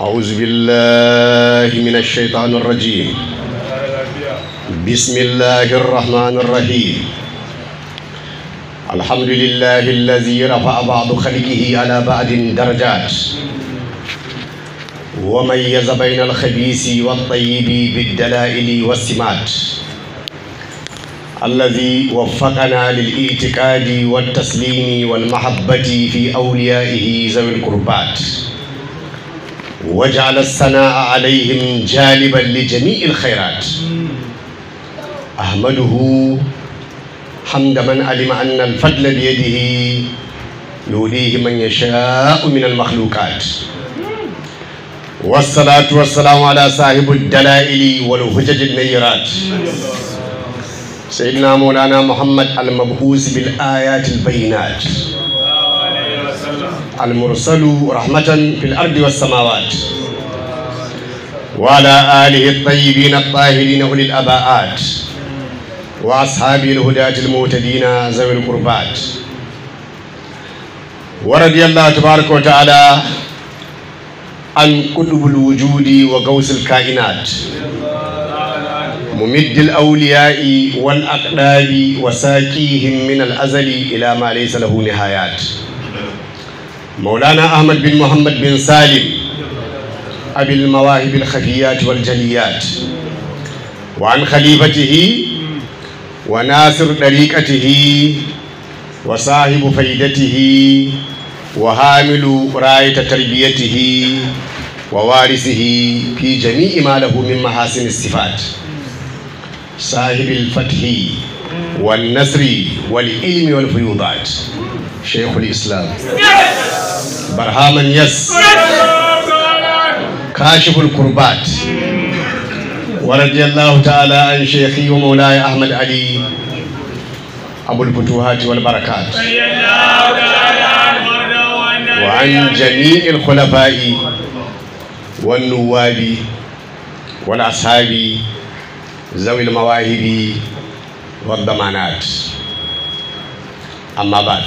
أعوذ بالله من الشيطان الرجيم بسم الله الرحمن الرحيم الحمد لله الذي رفع بعض خلقه على بعض درجات وميز بين الخبيث والطيب بالدلائل والسمات الذي وفقنا للاعتقاد والتسليم والمحبة في أوليائه ذوي القربات وجعل الثناء عليهم جالبا لجميع الخيرات أحمده حمد من علم أن الفضل بيده يوليه من يشاء من المخلوقات والصلاة والسلام على صاحب الدلائل والهجج النيرات سيدنا مولانا محمد المبعوث بالآيات البينات المرسل رحمة في الأرض والسماوات وعلى آله الطيبين الطاهرين أولي الأباءات وأصحاب الهداة المهتدين ذوي القربات ورضي الله تبارك وتعالى عن قطب الوجود وقوس الكائنات ممد الأولياء والأقداب وساكيهم من الأزل إلى ما ليس له نهايات مولانا أحمد بن محمد بن سالم أبي المواهب الخفيات والجليات وعن خليفته وناصر طريقته وصاحب فيدته وحامل راية تربيته ووارثه في جميع ما له من محاسن الصفات صاحب الفتح والنصر والعلم والفيوضات شيخ الإسلام برهاما يس كاشف الكربات ورضي الله تعالى عن شيخي ومولاي أحمد علي أبو الفتوحات والبركات وعن جميع الخلفاء والنواب والأصحاب ذوي المواهب والضمانات أما بعد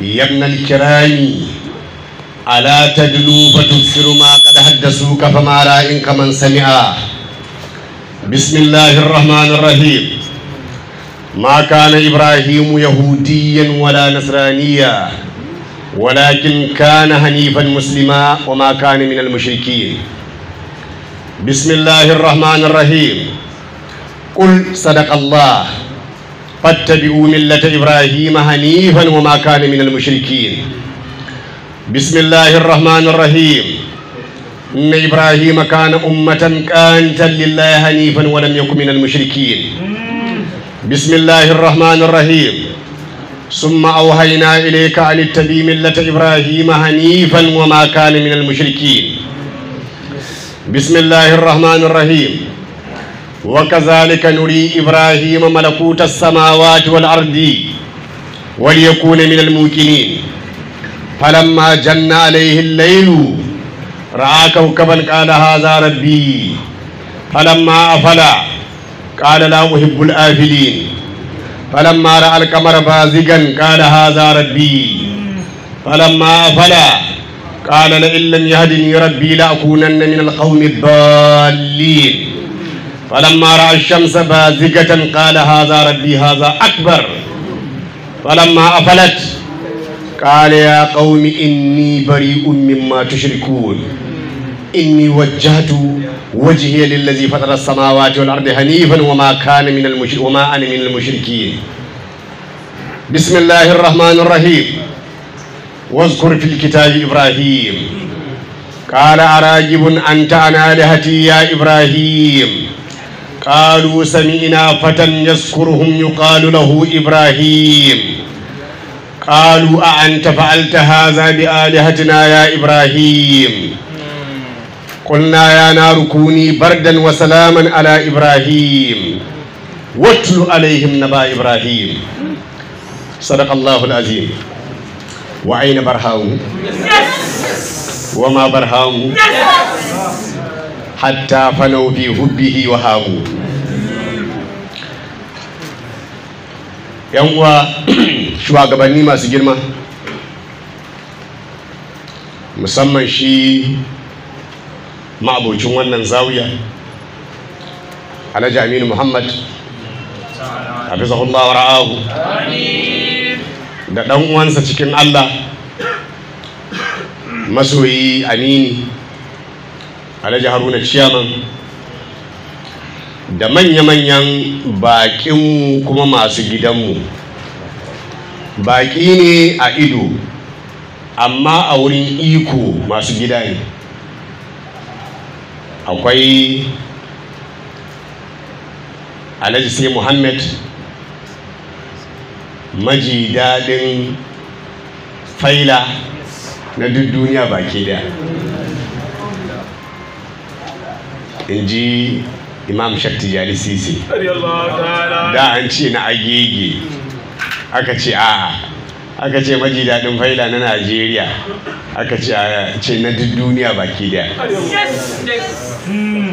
يا ابن الكرام ألا تدلو فتبصر ما قد حدثوك فما رأيك من سمع بسم الله الرحمن الرحيم ما كان إبراهيم يهوديا ولا نصرانيا ولكن كان هنيفا مسلما وما كان من المشركين بسم الله الرحمن الرحيم قل صدق الله فاتبعوا ملة إبراهيم حنيفا وما كان من المشركين بسم الله الرحمن الرحيم إن إبراهيم كان أمة كانتا لله حنيفا ولم يكن من المشركين بسم الله الرحمن الرحيم ثم أوحينا إليك أن اتبع ملة إبراهيم حنيفا وما كان من المشركين بسم الله الرحمن الرحيم وكذلك نري إبراهيم ملكوت السماوات والأرض وليكون من الموكلين فلما جن عليه الليل رأى كوكبا قال هذا ربي فلما أفلا قال لا أحب الآفلين فلما رأى القمر بازقا قال هذا ربي فلما أفلا قال لئن لم يهدني ربي لأكونن من القوم الضالين فلما رأى الشمس بازجة قال هذا ربي هذا أكبر فلما أفلت قال يا قوم إني بريء مما تشركون إني وجهت وجهي للذي فطر السماوات والأرض حنيفا وما كان من المشر وما أنا من المشركين بسم الله الرحمن الرحيم واذكر في الكتاب إبراهيم قال أراجب أنت عن آلهتي يا إبراهيم قالوا سمعنا فتى يذكرهم يقال له إبراهيم قالوا أأنت فعلت هذا بآلهتنا يا إبراهيم قلنا يا نار كوني بردا وسلاما على إبراهيم واتل عليهم نبا إبراهيم صدق الله العظيم وعين برهاهم وما برهاهم hatta falau bi hubbihi wa hamu yan uwa shugabanni masu girma musamman shi ma'abocin wannan zawiya alhaji aminu muhammad hafizahullah wa ra'ahu da ɗan uwansa cikin allah masoyi amini alhaji haruna ciyaman da manya-manyan bakinmu kuma masu gidanmu baki ne a ido amma a wurin iko masu gida ne akwai alhaji sai muhammad maji dadin faila na duk duniya baki daya in ji imam shakti jali sisi da an ce na agege aka ce a aka ce maji daɗin faila na najeriya aka ce ce na duk duniya baki daya hmm.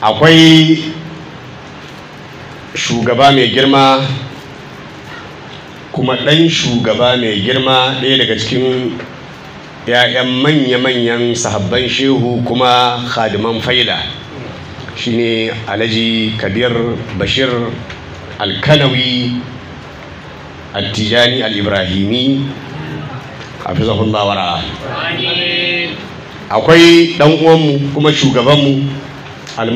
akwai shugaba mai girma kuma ɗan shugaba mai girma ɗaya daga cikin 'ya'yan manya-manyan sahabban shehu kuma khadiman faila shine alhaji kabir bashir alkanawi attijani al-ibrahimi akwai dan uwanmu kuma shugabanmu al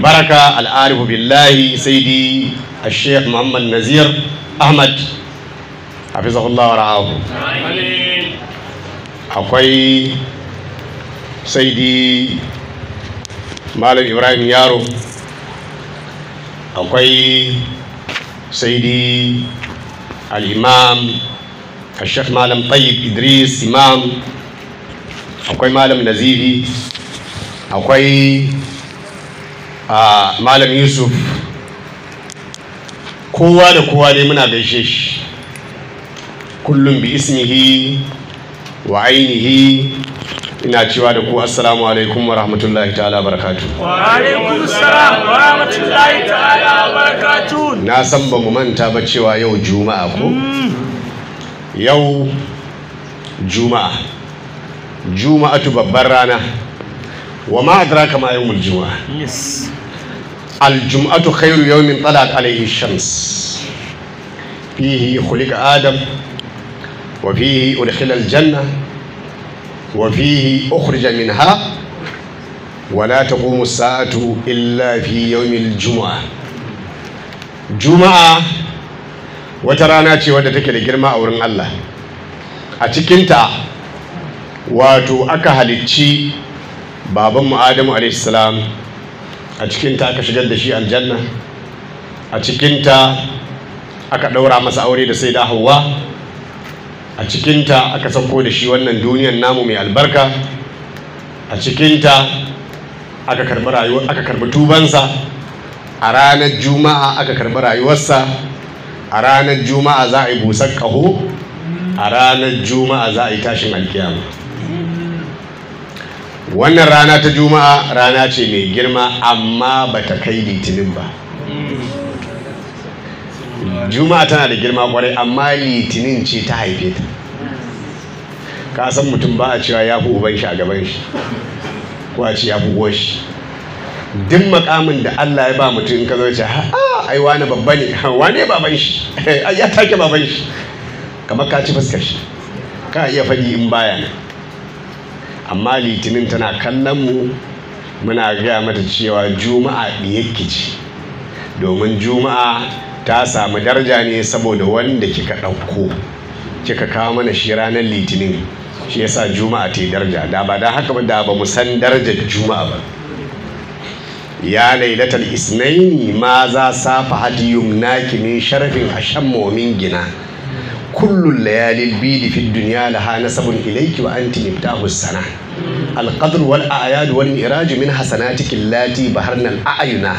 baraka al-arifu billahi sayyidi al-sheikh muhammad nazir ahmad hafizahullah akwai saidi malam ibrahim yaro akwai saidi al'imam ashef malam tayyib idris imam akwai malam nazifi akwai malam yusuf kowa da kowa ne muna gaishe shi kullum bi ismihi wa ainihi ina cewa da ku assalamu alaikum wa rahmatullahi ta'ala barakatu wa alaikum salam wa rahmatullahi ta'ala barakatu na san ba mu manta ba cewa yau juma'a ko hmm. yau juma'a juma'atu babbar rana wa ma adraka ma yawmul juma'a yes juma'atu khairu yawmin talat alayhi shams fihi khuliqa adam وفيه أدخل الجنة وفيه أخرج منها ولا تقوم الساعة إلا في يوم الجمعة juma'a wata rana ce wadda take da girma a wurin Allah a cikinta wato aka halicci babanmu Adamu alaihissalam a cikinta aka shigar da shi aljanna a cikinta aka ɗaura masa aure da sai da hawa a cikinta aka sauko da shi wannan duniyar namu mai albarka a cikinta aka karbi rayuwar aka karbi tubansa a ranar juma'a aka karbi rayuwarsa a ranar juma'a za a yi busar kaho, a ranar juma'a za a yi tashin alkiyama wannan rana ta juma'a rana ce mai girma amma ba ta kai litinin ba juma'a tana da girma kwarai amma litinin ce ta haife ta ka san mutum ba a cewa ya fi uban shi a gaban shi ko a ce ya fi shi duk makamin da Allah ya ba mutum in ka zo ce a ai wani babba ne wane baban shi ya take baban shi kamar ka ci fuskar shi ka iya faɗi in baya amma litinin tana kallon mu muna gaya mata cewa juma'a ɗiyakki ce domin juma'a ta samu daraja ne saboda wanda kika ɗauko kika kawo mana shi ranar litinin shi ya sa juma'a ta yi daraja da ba da haka da ba mu san darajar juma'a ba ya lailatar isnaini ma za safa hadiyum naki min sharafin shan momin gina kullun layalil bidi fi duniya hana nasabun ilayki wa anti miftahu sana alqadr wal a'yad wal iraj min hasanatiki allati a'yuna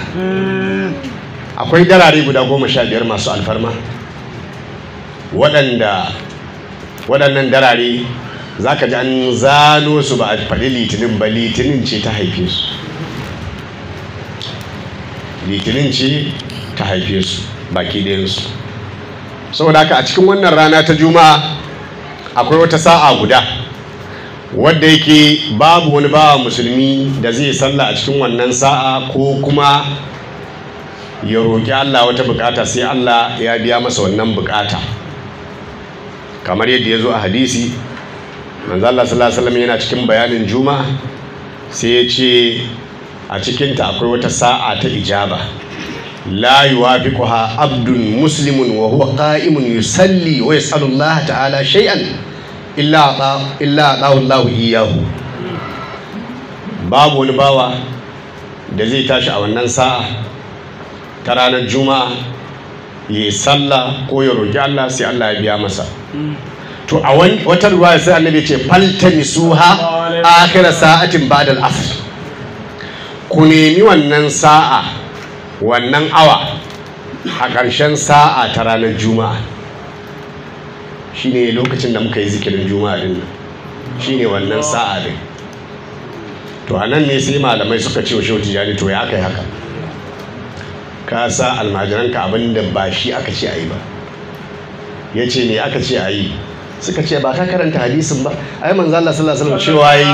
akwai darare guda goma sha biyar masu alfarma waɗanda waɗannan darare za ka ji an zano su ba a faɗi litinin ba litinin ce ta haife su litinin ce ta haife su baki ɗayansu saboda haka a cikin wannan rana ta juma'a akwai wata sa'a guda wadda yake babu wani bawa musulmi da zai sallah a cikin wannan sa'a ko kuma ya roƙi Allah wata bukata sai Allah ya biya masa wannan bukata kamar yadda ya zo a hadisi manzo Allah sallallahu alaihi yana cikin bayanin juma'a sai ya ce a cikinta akwai wata sa'a ta ijaba la yuwafiquha abdun muslimun wa huwa qa'imun yusalli wa yas'alu Allah ta'ala shay'an illa illa Allah iyyahu babu wani bawa da zai tashi a wannan sa'a ta ranar juma'a ya sallah ko ya roƙi Allah sai Allah ya biya masa to a wata ruwa ya sai annabi ce ha a kira sa'atin ba da asr ku nemi wannan sa'a wannan awa a ƙarshen sa'a ta ranar juma'a shine lokacin da muka yi zikirin juma'a din nan shine wannan sa'a din to anan ne sai malamai suka ce wa shehu tijani to ya kai haka ka sa almajiranka abin da ba shi aka ce a yi ba ya ce me aka ce a yi suka ce ba ka karanta hadisin ba ai manzo Allah sallallahu alaihi wasallam cewa yi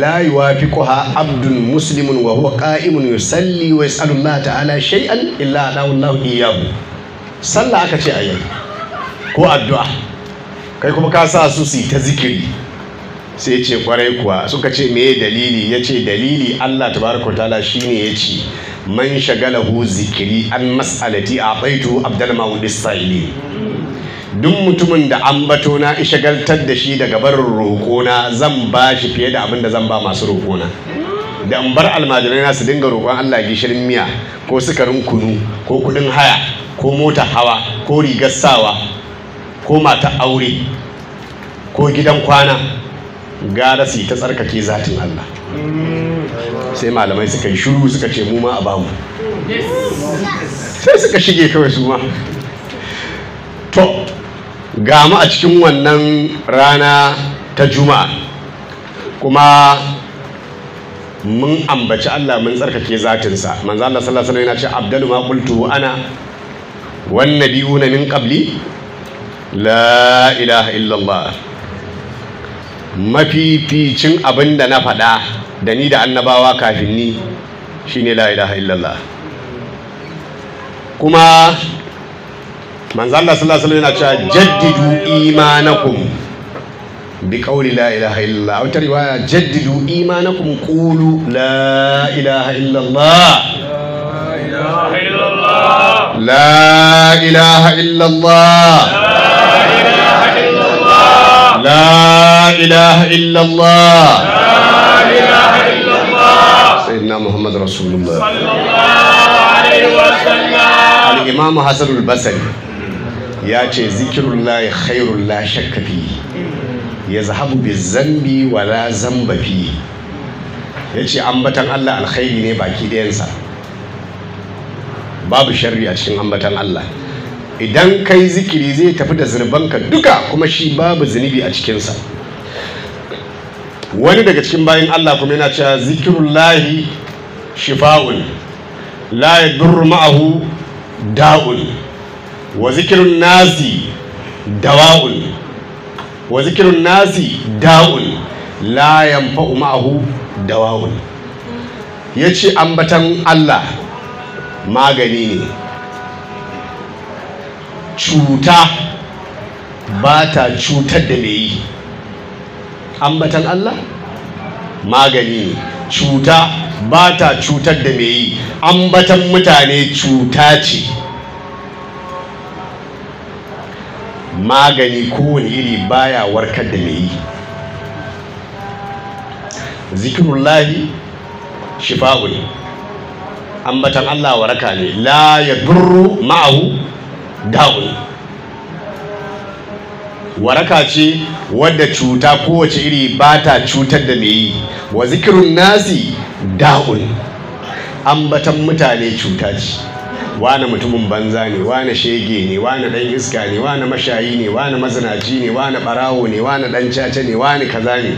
la yuwafiquha abdun muslimun wa huwa qa'imun yusalli wa yas'alu Allah ta'ala shay'an illa adahu Allah iyyahu sallah aka ce a yi ko addu'a kai kuma ka sa su su ta zikiri sai ce kwarai kuwa suka ce meye dalili ya ce dalili Allah tabaraka ta'ala shine ya ce man shagalahu zikiri an mas'alati a baitu abdal mahud sa'ili duk mutumin da an bato na shagaltar da shi daga barin roƙona zan ba shi fiye da abin da zan ba masu roƙona da in bar almajirai na su dinga roƙon Allah gishirin miya ko sukarin kunu ko kuɗin haya ko mota hawa ko rigar sawa ko mata aure ko gidan kwana gara su yi ta tsarkake zatin Allah sai malamai suka yi shuru suka ce mu ma a bamu sai suka shige kawai su ma to ga mu a cikin wannan rana ta juma'a kuma mun ambaci Allah mun tsarkake zatinsa manzo Allah sallallahu alaihi wasallam yana ce Abdul ma qultu ana wan nabiyuna min qabli la ilaha illallah mafificin abin da na faɗa da ni da annabawa kafin ni shine la ilaha illallah kuma manzo Allah sallallahu alaihi wasallam yana cewa jaddidu imanakum bi qawli la ilaha illallah wata riwaya jaddidu imanakum Kulu. la illallah la ilaha illallah la ilaha illallah لا إله إلا الله لا إله إلا الله سيدنا محمد رسول الله صلى الله عليه وسلم الإمام حسن البصري يا ذكر الله خير لا شك فيه يذهب بالذنب ولا ذنب فيه yace ambatan Allah alkhairi ne baki dayansa babu sharri a cikin ambatan Allah idan kai zikiri zai tafi da zunubanka duka kuma shi babu zunubi a cikinsa wani daga cikin bayan Allah kuma yana cewa lahi shifa'un la durru ma'ahu da'un wa zikirun nazi dawa'un wa zikirun nazi da'un layan fa'u ma'ahu dawa'un yace ambatan Allah magani ne cuta ba ta cutar da mai yi ambatan Allah magani cuta ba ta cutar da mai yi ambatan mutane cuta ce magani kowane iri baya warkar da mai yi zikirullahi shifa'un ambatan Allah waraka ne la ya duru ma'ahu da'u waraka ce wadda cuta kowace iri ba ta cutar da mai yi wa zikirun nasi da'un ambatan mutane cuta ce wane mutumin banza ne wane shege ne wane dan iska ne wane mashayi ne wane mazinaci ne wane barawo ne wane dan caca ne wane kaza ne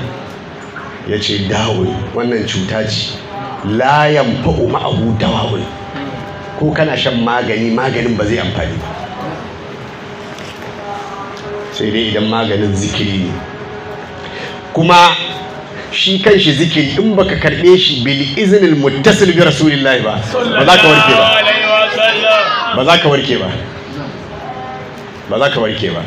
ya ce da'un wannan cuta ce layan fa'o ma'abu dawa'un ko kana shan magani maganin ba zai amfani ba sai dai idan maganin zikiri ne kuma shi kan shi zikiri in baka karɓe shi bil iznil muttasil bi rasulillahi ba ba za ka warke ba ba za ka warke ba ba za ka warke ba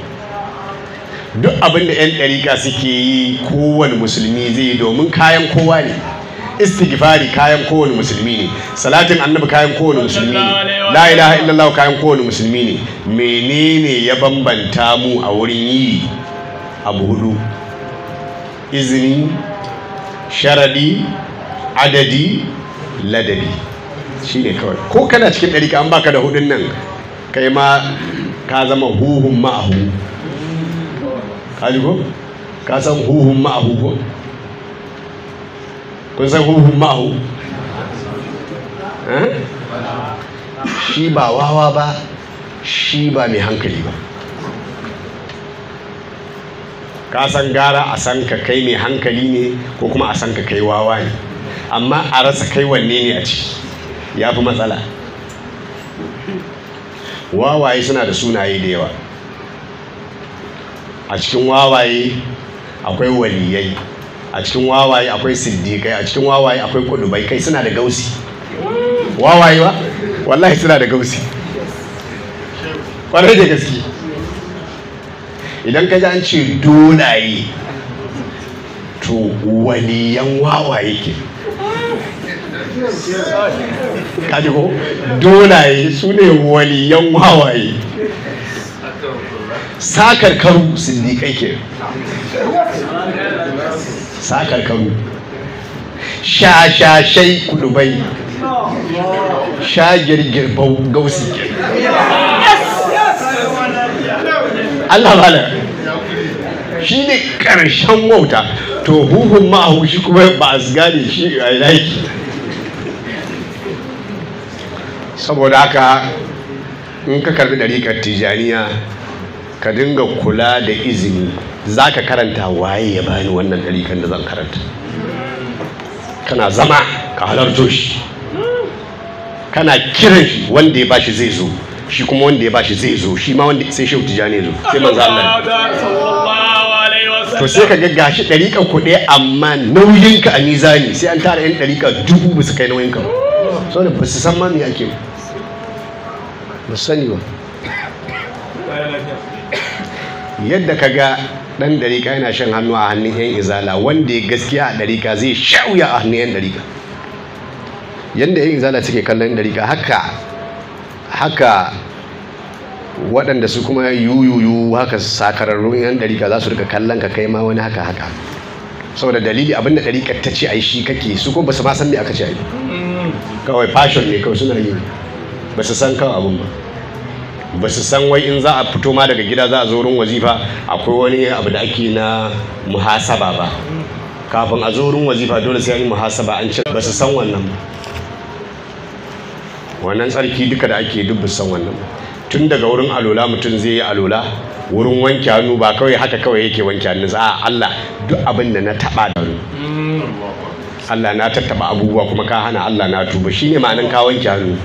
duk abinda da 'yan ɗariƙa suke yi kowane musulmi zai yi domin kayan kowa ne istighfari kayan kowane musulmi ne salatin annabi kayan kowane musulmi ne la ilaha illallah kayan kowane musulmi ne menene ya bambanta mu a wurin yi abu hudu izini sharadi adadi ladabi ne kawai ko kana cikin ɗari an baka da hudun nan kai ma ka zama huhun ma'ahu ka san huhun ma'ahu ko kun san huhun ma'ahu eh? shi ba wawa ba shi ba mai hankali ba ka san gara a san ka kai mai hankali ne ko kuma a san ka kai wawa ne amma a rasa kai wanne ne a ciki ya fi matsala wawaye suna da sunaye da yawa a cikin wawaye akwai waliyai a cikin wawaye akwai siddiƙai a cikin wawaye akwai kudubai kai suna da gausi wawaye ba wallahi suna da gausi kwarai da gaske idan ka ji an ce donaye to waliyan wawaye ke ji ko donaye su ne waliyan wawaye sakar karu siddiƙai ke sakarkaru shashashai kudubai shagirgir bau gausi Allah malam shi ne ƙarshen wauta to huhun ma'ahu shi kuma ba a gane shi a yaki saboda haka in ka karbi ɗarikar tijaniya ka dinga kula da izini za ka karanta waye ya bani wannan ɗarikan da zan karanta kana zama ka halarto shi kana kiran shi wanda ya bashi zai zo shi kuma wanda ya bashi zai zo shi ma wanda sai shehu tijani zo sai manzo Allah to sai ka ga gashi ɗarikan kuɗi amma nauyin ka a mizani sai an tara yan ɗarika dubu ba su kai nauyin ba saboda ba su san ma ake ba sani ba yadda ka ga ɗan dariƙa yana shan hannu a hannun 'yan izala wanda ya gaskiya a dariƙa zai shawuya a hannun 'yan dariƙa. yadda 'yan izala suke kallon dariƙa, haka haka waɗanda su kuma yuyuyu haka sakararrun 'yan dariƙa za su rika kallon ka kai ma wani haka haka saboda dalili abinda dariƙa ta ce ai shi kake su kuma ba su ma san me aka ce ai kawai fashion ne kawai suna yi ba su san kawai abin ba ba su san wai in za a fito ma daga gida za a zo wurin wazifa akwai wani abu da ake na muhasaba ba kafin a zo wurin wazifa dole sai an yi muhasaba an ci ba su san wannan ba wannan tsarki duka da ake duk san wannan ba tun daga wurin alola mutum zai yi alola wurin wanke hannu ba kawai haka kawai yake wanke hannu a Allah duk abin da na taba da wani. Mm, Allah na tattaba abubuwa kuma ka hana Allah na tuba shine ma'anan ka wanke hannu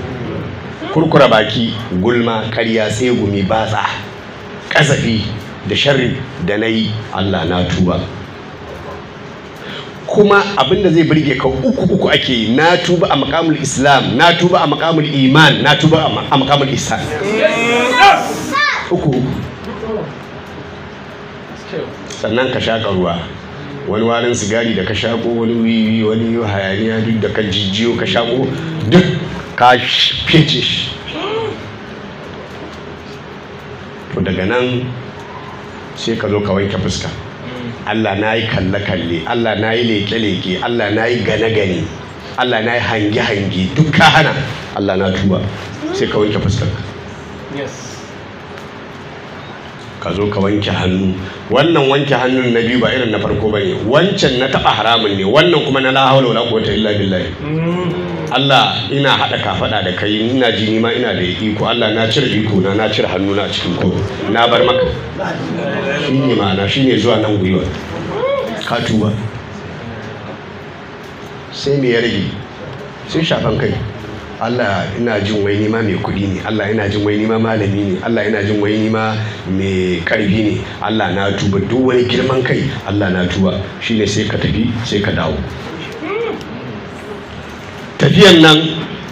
kurkura baki gulma karya sai gumi batsa kasafi da sharri da na yi allah na tuba kuma abinda zai birge ka uku uku ake na tuba a makamul islam na tuba a makamul iman na tuba a makamul isa uku sannan ka shaƙa ruwa wani warin sigari da ka shaƙo wani wiwi wani hayaniya duk da ka jijiyo ka shaƙo duk ka fice shi to daga nan sai ka zo ka wanke fuska Allah na yi kalle-kalle Allah na yi leke-leke Allah na yi gane-gane Allah na yi hange-hange duk ka hana Allah na tuba sai ka wanke fuska. ka zo ka wanke hannu wannan wanke hannun na biyu ba irin na farko bane wancan na taba haramun ne wannan kuma na la hawla wala quwwata illa billahi Allah ina haɗa kafaɗa da kai ina ji nima ina da iko Allah na cire iko na na cire hannu na cikin ko na bar maka shine ma'ana shine zuwa nan gwiwa ka tuba sai me ya rage sai shafan kai Allah ina jin wai nima mai kuɗi ne Allah ina jin wai nima malami ne Allah ina jin wai nima mai ƙarfi ne Allah na tuba duk wani girman kai Allah na tuba shine sai ka tafi sai ka dawo tafiyan nan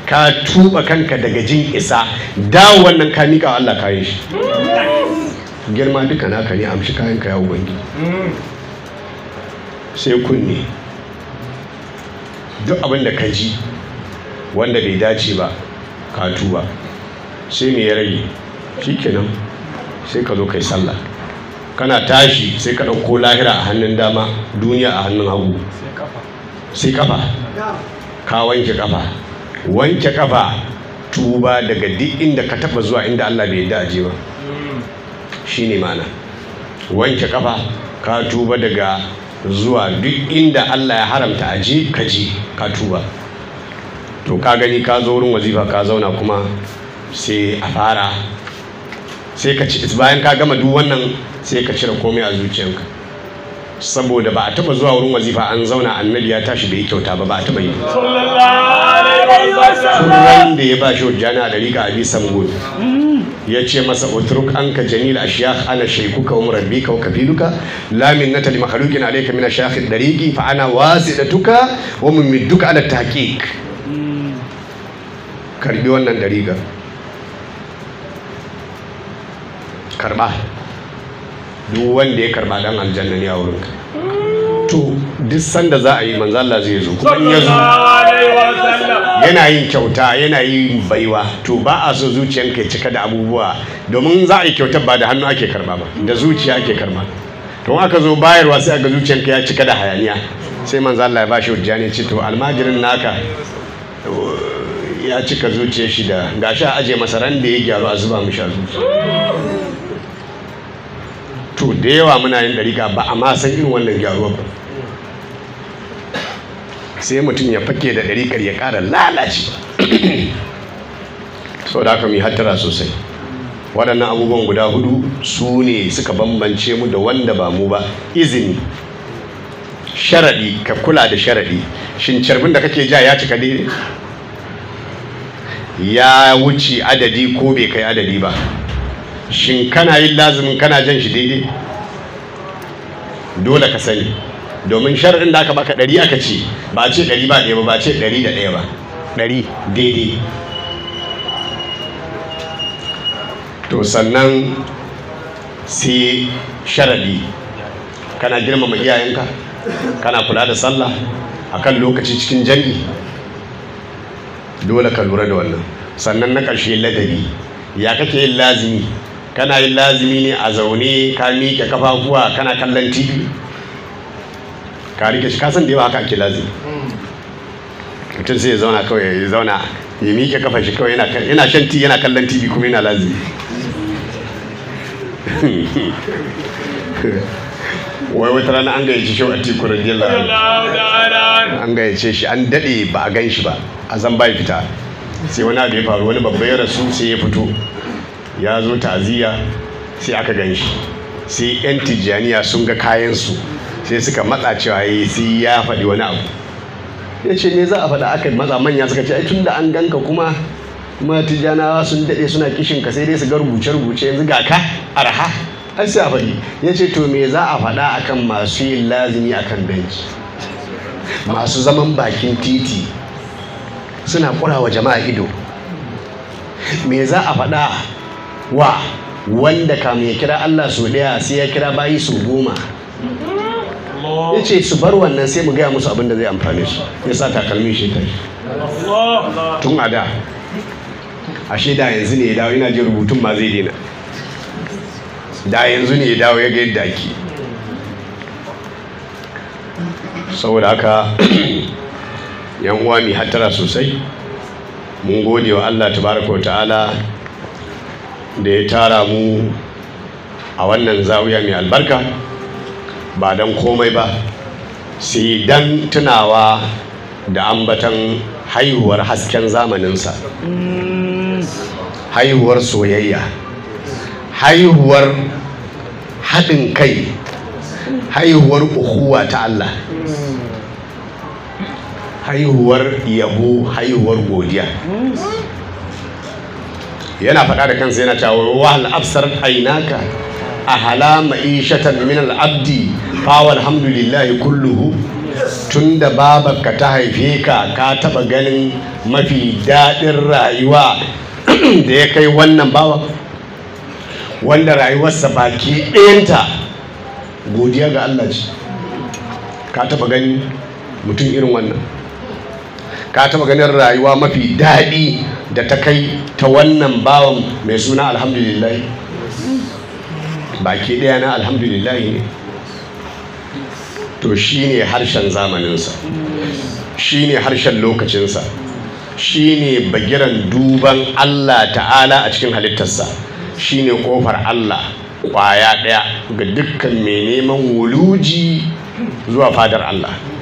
ka tuba kanka daga jin isa dawo wannan ka miƙa Allah kayan shi girma duka naka ne amshi kayan ka ya ubangi sai kunne duk abinda ka ji wanda bai dace ba ka tuba sai me ya rage shikenan sai ka zo kai sallah kana tashi sai ka ɗauko lahira a hannun dama duniya a hannun hagu sai kafa ka wanke kafa wanke kafa tuba daga duk inda ka taba zuwa inda Allah bai da aje ba mm. shine mana wanke kafa ka tuba daga zuwa duk inda Allah ya haramta aje ka je ka tuba to ka gani ka zo wurin wazifa ka zauna kuma sai a fara sai ka ci bayan ka gama duk wannan sai ka cire komai a zuciyanka saboda ba a taba zuwa wurin wazifa an zauna annabi ya tashi bai kyauta ba ba a taba yi kullum da ya ba shi hujjani a rika a bisan ya ce masa utruk an ka janila a shiyah ana ka umar rabbi ka filuka lamin na tali mahalukin alaika min a shiyah fa ana wasi da tuka wa mummi duka ala taƙiƙ karbi wannan dariga karba duk wanda ya karba dan aljanna ne a wurin to duk sanda za a yi manzo Allah zai zo kuma in ya zo yana yin kyauta yana yin baiwa to ba a so zuciyanka ya cika da abubuwa domin za a yi kyauta ba da hannu ake karba ba da zuciya ake karba to aka zo bayarwa sai aka ka ya cika da hayaniya sai manzo Allah ya bashi hujja ne ce to almajirin naka ya cika zuciya shi da gashi a aje masa da ya gyaru a zuba mishi a to da yawa muna yin dariƙa ba amma san irin wannan gyaruwa ba sai mutum ya fake da dariƙar ya ƙara lalace so da haka mu hattara sosai waɗannan abubuwan guda hudu su ne suka bambance mu da wanda ba mu ba izini sharaɗi ka kula da sharaɗi shin carbin da kake ja ya cika daidai ya wuce adadi ko bai kai adadi ba shin kana yin lazumin kana jan shi daidai dole ka sani domin sharaɗin da aka baka ɗari aka ce ba ce ɗari ba ɗaya ba ba ce ɗari da ɗaya ba ɗari daidai to sannan sai sharaɗi kana girmama iyayenka kana kula da sallah akan lokaci cikin jami'i dole ka lura da wannan sannan na ƙarshe ladabi ya kake yin lazimi kana yin lazimi ne a zaune ka miƙe kafafuwa kana kallon tv ka rike shi kasan da yawa haka ake lazimi mutum sai ya zauna kawai ya zauna ya miƙe kafa shi kawai yana shan tv yana kallon tv kuma yana lazimi wai wata rana an gayyace shi wa tikurin jirgin an gayyace shi an daɗe ba a gan shi ba a san bai fita sai wani abu ya faru wani babba ya rasu sai ya fito ya zo taziya sai aka gan shi sai 'yan tijjaniya sun ga kayansu sai suka matsa cewa ya eh, sai ya faɗi wani abu ya ce me za a faɗa aka matsa manya suka ce ai tun da an ganka kuma kuma tijjanawa sun daɗe suna kishin ka sai dai su ga rubuce-rubuce yanzu ga ka arha an sai a faɗi ya ce to me za a faɗa akan masu yin lazimi akan benci masu zaman bakin titi suna kurawa jama'a ido me za a faɗa wa wanda kamun ya kira Allah su ɗaya sai ya kira bayi su goma ya ce su bar wannan sai mu gaya musu abin da zai amfane su ya sa takalmin shi kai tun a da ashe da yanzu ne ya dawo yana jin rubutun ma zai daina da yanzu ne ya dawo ya ga yadda ake saboda haka yan uwa mai hattara sosai mun gode wa Allah tabaraka ta'ala da ya tara mu a wannan zawiya mai albarka ba don komai ba sai don tunawa da ambatan haihuwar hasken zamaninsa haihuwar soyayya haihuwar haɗin kai haihuwar uhuwa ta Allah haihuwar yabo haihuwar godiya yana faɗa da kansa yana cewa wahal absar ainaka a halama ishatan min al'abdi fa hamdulillahi kulluhu tun da babarka ta haife ka ka taɓa ganin mafi daɗin rayuwa da ya kai wannan bawa wanda rayuwarsa baki ɗayanta godiya ga Allah ce ka taɓa gani mutum irin wannan ka ta ganin rayuwa mafi daɗi da ta kai ta wannan bawan mai suna alhamdulillah baki ɗaya na alhamdulillah ne to shi ne harshen zamaninsa shi ne harshen lokacinsa shi ne bagiran duban allah ta'ala a cikin halittarsa shi ne ƙofar allah kwaya ɗaya ga dukkan mai neman wuluji zuwa fadar Allah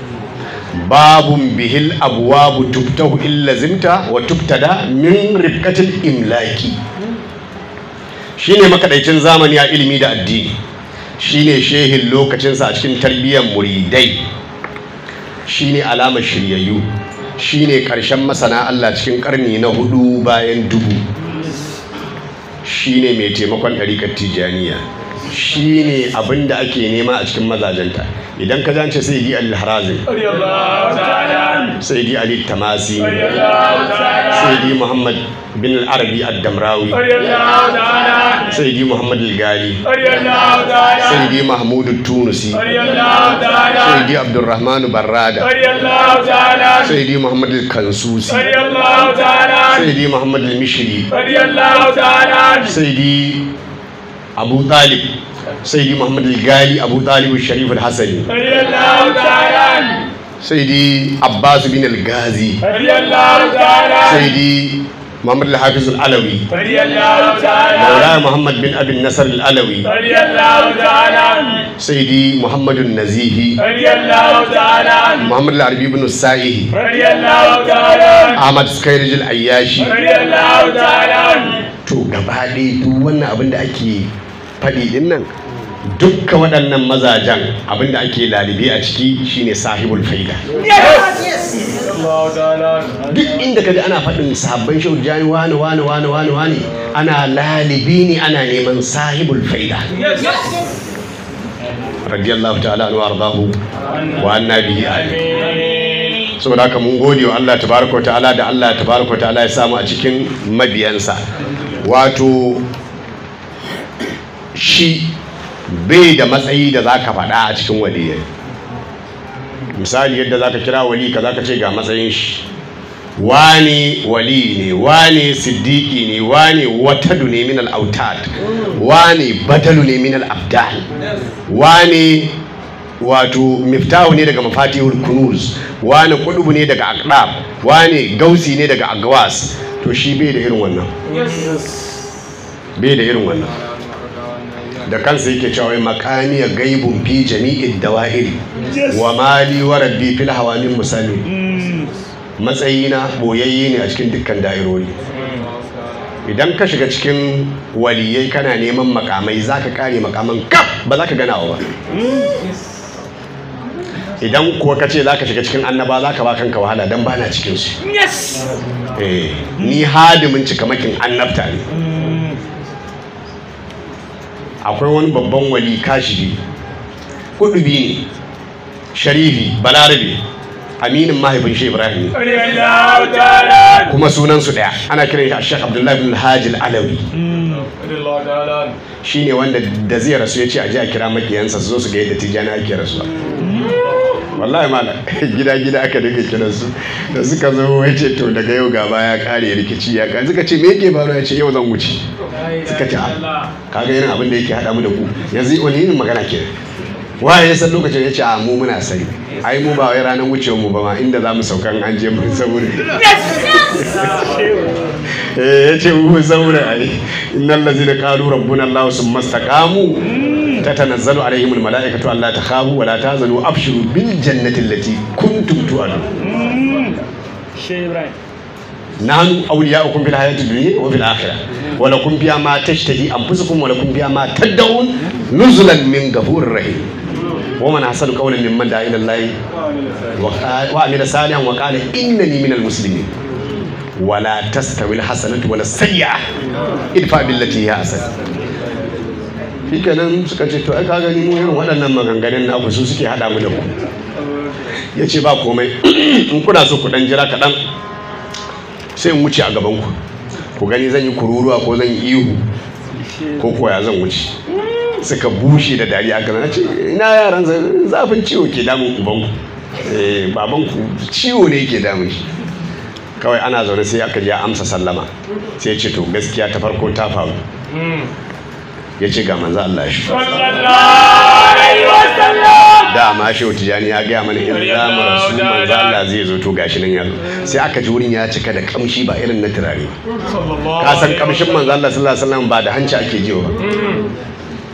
babun bihil abuwabu tubtahu illazimta wa tubtada min rifkatin imlaki Shi ne makadaicin zamani a ilimi da addini Shi ne shehin lokacinsa a cikin tarbiyyar muridai Shi ne alamar shiryayyu shine karshen masana Allah cikin karni na hudu bayan dubu Shi ne mai taimakon ɗarikar tijaniya Shi ne abin da ake nema a cikin mazajenta idan ka zance sai di al-harazim sai di ali tamasi sai di muhammad bin al-arabi ad-damrawi sai di muhammad al-gali sai di mahmud tunusi sai di abdurrahman barrada sai di muhammad al-kansusi sai di muhammad al-mishri sai di abu talib sai muhammad al-gali abu talib sharif al-hasani sai di abbas bin al-gazi sai di محمد الحافظ العلوي مولاي محمد بن ابي النصر العلوي سيدي Nazihi. النزيهي محمد العربي بن السائي احمد سكيرج to gaba dai duk wannan abin da ake faɗi din nan dukkan waɗannan mazajen abinda ake lalibi a ciki shine sahibul faida duk inda kaga ana faɗin sabon shaujani wani wani wani wani wani ana lalibi ne ana neman sahibul faida radiyallahu ta'ala anhu ardahu wa anna ali amin saboda haka mun gode wa Allah tabaraka wa ta'ala da Allah tabaraka wa ta'ala ya samu a cikin mabiyansa wato shi bai da matsayi da za ka faɗa a cikin waliyar misali yadda za ka kira wali ka za ka ce ga matsayin shi wani wali ne wani siddiki ne wani watadu ne minal autad wani batalu ne minal abdal wani wato miftahu ne daga mafatihul kunuz wani kudubu ne daga akdab wani gausi ne daga agwas to shi bai da irin wannan bai da irin wannan da kansa yake cewa ya gaibun fi jami'in dawa'iri wa mali wa rabbi fil hawamin matsayi mm. matsayina boyayye ne a cikin dukkan da'irori idan ka shiga cikin waliyai kana neman makamai za ka kare makaman kaf ba za ka wa ba mm. idan kuwa ka ce za ka shiga cikin annaba za ka ba kanka wahala don ba na cikinsu eh, ni hadimin makin annabta ne mm. akwai wani babban wali kashiri kudubi ne sharifi balarabe aminin mahaifin shi ibrahim kuma sunansu daya ana kiran shi a shek abdullahi bin hajji alawi shi ne wanda da zai rasu ya ce a ji a kira makiyansa su zo su ga yadda tijjani ake rasuwa wallahi na. gida gida aka dinga kiran su da suka zo ya ce to daga yau gaba ya kare rikici ya kare suka ce me yake faruwa ya ce yau zan wuce suka ah, kaga irin abin da yake hada mu da ku yanzu wani ni magana ke waye ya san lokacin ya ce a ah, mu muna sani ai mu ba wai ranar wucewa mu ba ma inda za mu saukan an je mu saburi eh, ya ce mu saboda ai lazi da qalu rabbuna allah ta istaqamu tatanazzalu mala'ikatu allah ta takhafu wa la tahzanu abshiru bil jannati allati kuntum tu'adun Shey Ibrahim nanu awliya'ukum fil hayati dunya wa fil akhirah wa lakum biya ma tashtahi anfusukum wa lakum biya ma tad'un nuzulan min ghafurir rahim wa man ahsanu qawlan mimman da'a ila allahi wa amila salihan wa qala innani minal muslimin wala tastawi alhasanatu wala sayyi'a idfa billati hiya asan shikenan suka ce to ai ka gani mu irin waɗannan maganganun na su suke hada mu da ku yace ba komai in kuna so ku dan jira kaɗan sai in wuce a gaban ku ku gani zan yi kururuwa ko zan yi ihu ko koya zan wuce suka bushe da dariya aka zana ce ina yaran zafin ciwo ke damun uban ku eh, baban ku ciwo ne ke damun shi kawai ana zaune sai aka je amsa sallama sai ce to gaskiya ta farko ta faru hmm. ya ce ga manzo Allah shi da ma shi jani ya gaya mana in za mu rasu manzo Allah zai zo to gashi nan yanzu sai aka ji wurin ya cika da kamshi ba irin na turare ka san kamshin manzo Allah sallallahu alaihi wasallam ba da hanci ake ji ba mm.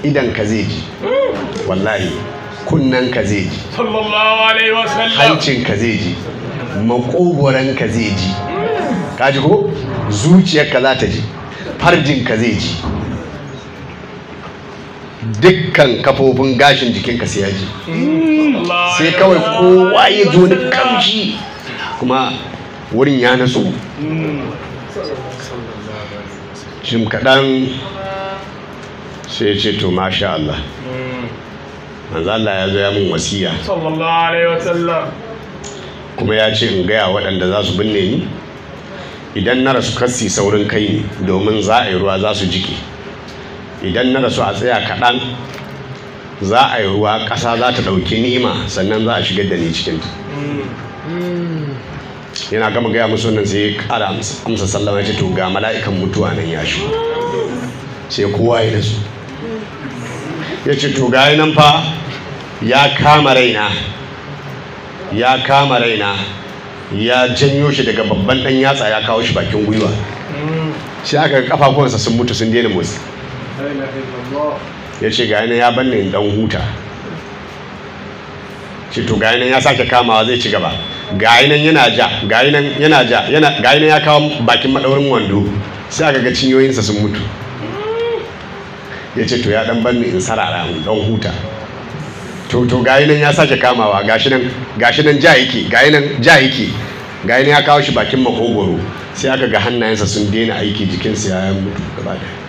idan ka zai ji wallahi kunnan ka zai ji hancin ka zai ji makogoran ka zai ji mm. ka ji ko zuciyarka za ta ji farjin ka zai ji dukkan kafofin gashin jikinka sai ya ji sai kawai kowa ya ji wani kamshi kuma wurin ya nasu jim kaɗan sai ce to masha Allah manzo Allah ya zo ya mun wasiya kuma ya ce in gaya waɗanda za su binne ni idan na rasu kassi saurin kai domin za a yi ruwa za su jike idan na rasu a tsaya kaɗan za a yi ruwa ƙasa za ta ɗauki ni'ima sannan za a shigar da ni cikin yana gama gaya musu nan sai ƙara amsa sallama ce to ga mala'ikan mutuwa nan ya shi sai kowa ya nasu ya ce to ga nan fa ya kama raina ya kama raina ya janyo shi daga babban ɗan yatsa ya kawo shi bakin gwiwa sai aka kafafuwansa sun mutu sun daina motsi ya ce ga ya banne in dan huta ce to ga ya sake kamawa zai ci gaba ga yana ja ga yana ja ga ya kawo bakin madaurin wando sai aka ga cinyoyinsa sun mutu ya ce to ya dan banne in sarara in dan huta to to ga ya sake kamawa gashi nan gashi nan ja yake ga ja yake ga ya kawo shi bakin makogoro sai aka ga hannayensa sun daina aiki jikinsa ya mutu gaba daya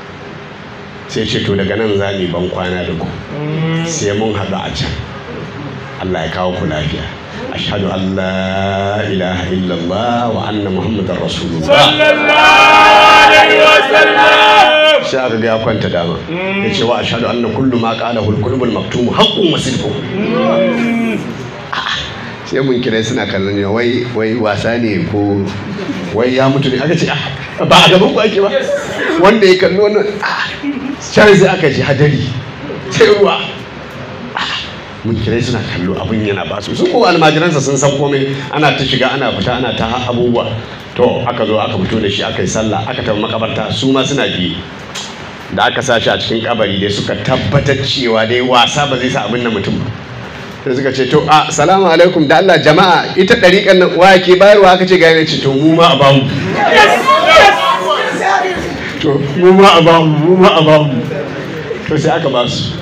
sai ce to daga nan za mu ban kwana da ku mm. sai mun haɗu a can Allah ya kawo ku lafiya ashhadu an la ilaha illallah wa anna muhammadar rasulullah sallallahu alaihi sallam. sai aka ga ya kwanta dama mm. ya ce wa ashhadu anna kullu ma qala hul qulubul maktum haqqun wa sidqun mm. sai mun kira suna kallon ne wai wai wasa ne ko wai ya mutu ne aka ce ah, ba a gaban ku ake ba wanda ya kalli wannan ah, can sai aka ji hadari cewa ah, mun kira suna kallo abin yana ba su ko almajiransa sun san komai ana ta shiga ana fita ana ta abubuwa to aka zo aka fito da shi aka yi sallah aka tafi makabarta su ma suna biye da aka sa a cikin kabari dai suka tabbatar cewa dai wasa ba zai sa abin na mutum ba sai suka ce to a ah, salamu alaikum da Allah jama'a ita ɗariƙan nan wa ke bayarwa aka ce gane ce to mu ma a bamu to mu ma a bamu mu ma a bamu to sai aka ba su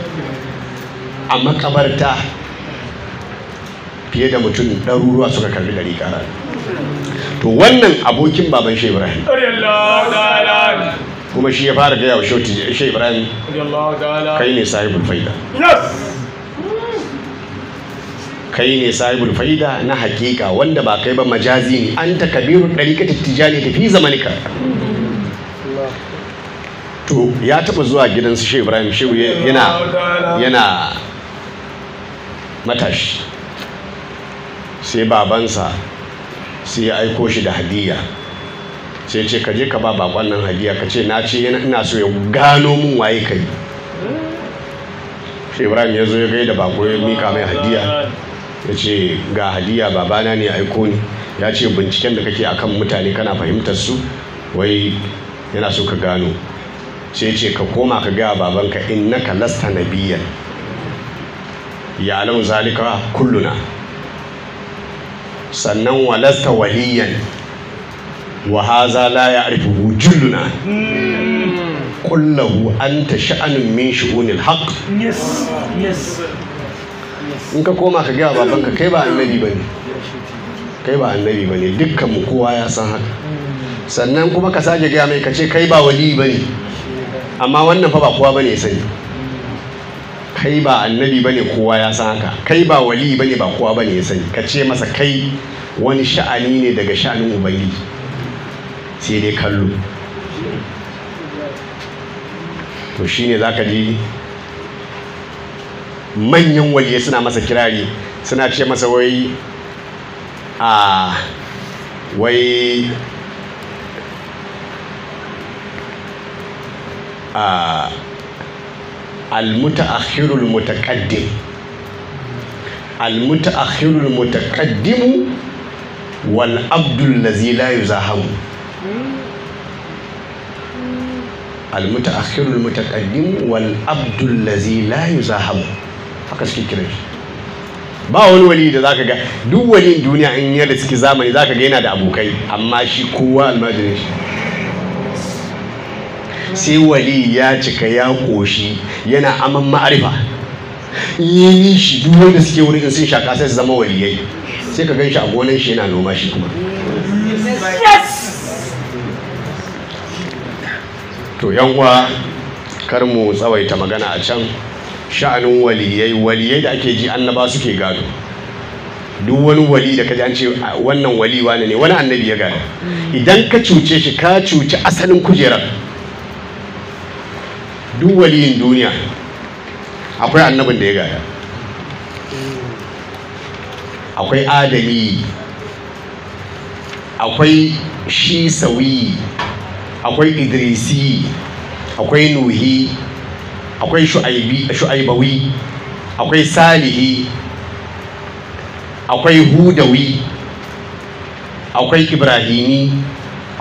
a makabarta fiye da mutum ɗaruruwa suka karbi ɗari ƙara to wannan abokin baban shi ibrahim kuma shi ya fara gaya wa shi ibrahim kai ne sahibul faida kai ne sahibul faida na hakika wanda ba kai ba majazi ne an ta kabirun ɗarikata tijani tafi zamanika to ya taɓa zuwa gidan su shehu ibrahim shehu yana yana matashi sai babansa sai ya aiko shi da hadiya sai ce ka ka ba bakon nan hadiya ka ce na ce ina so ya gano mun waye kai shehu ibrahim ya zo ya gaida bako ya mika mai hadiya ya ce ga hadiya babana ne aiko ni ya ce binciken da kake akan mutane kana fahimtar su wai yana so ka gano sai ce ka koma ka gaya babanka in ka lasta biyan, ya alamu zalika kulluna sannan wa lasta waliyan wa haza la ya'rifuhu julluna kullahu anta sha'anun min shu'unil haq yes yes in ka koma ka gaya babanka kai ba annabi bane kai ba annabi bane dukkan mu kowa ya san haka sannan kuma ka sake gaya mai ka ce kai ba wali bane amma wannan fa ba kowa bane ya sani kai ba annabi bane kowa ya san haka kai ba wali bane ba kowa bane ya sani ka ce masa kai wani sha'ani ne daga sha'anin ubangiji sai dai kallo to shine zaka ji manyan wali suna masa kirari suna ce masa wai a ah, wai a almutaakhirul mutaqaddim almutaakhirul mutaqaddim wal abdul ladzi la yuzahamu almutaakhirul mutaqaddim wal abdul ladzi la yuzahamu haka suke kira shi ba wani wali da zaka ga duk wani duniya in yadda suke zamani zaka ga yana da abokai amma shi kowa almajirin shi sai wali ya cika ya ƙoshi yana aman ma'arifa in yi shi duk wanda suke wurin in sun shaka sai su zama waliyai sai ka gan shi a gonan shi yana noma shi kuma to yan uwa kar mu tsawaita magana a can sha'anin waliyai waliyai da ake ji annaba suke gado duk wani wali da kaji an ce wannan wali ne wani annabi ya gado. idan ka cuce shi ka cuci asalin kujerar duk waliyin duniya akwai annabin da ya gaya akwai adami akwai shi sauyi akwai idrisi akwai nuhi akwai shu'aibawi akwai salihi akwai hudawi akwai ibrahimi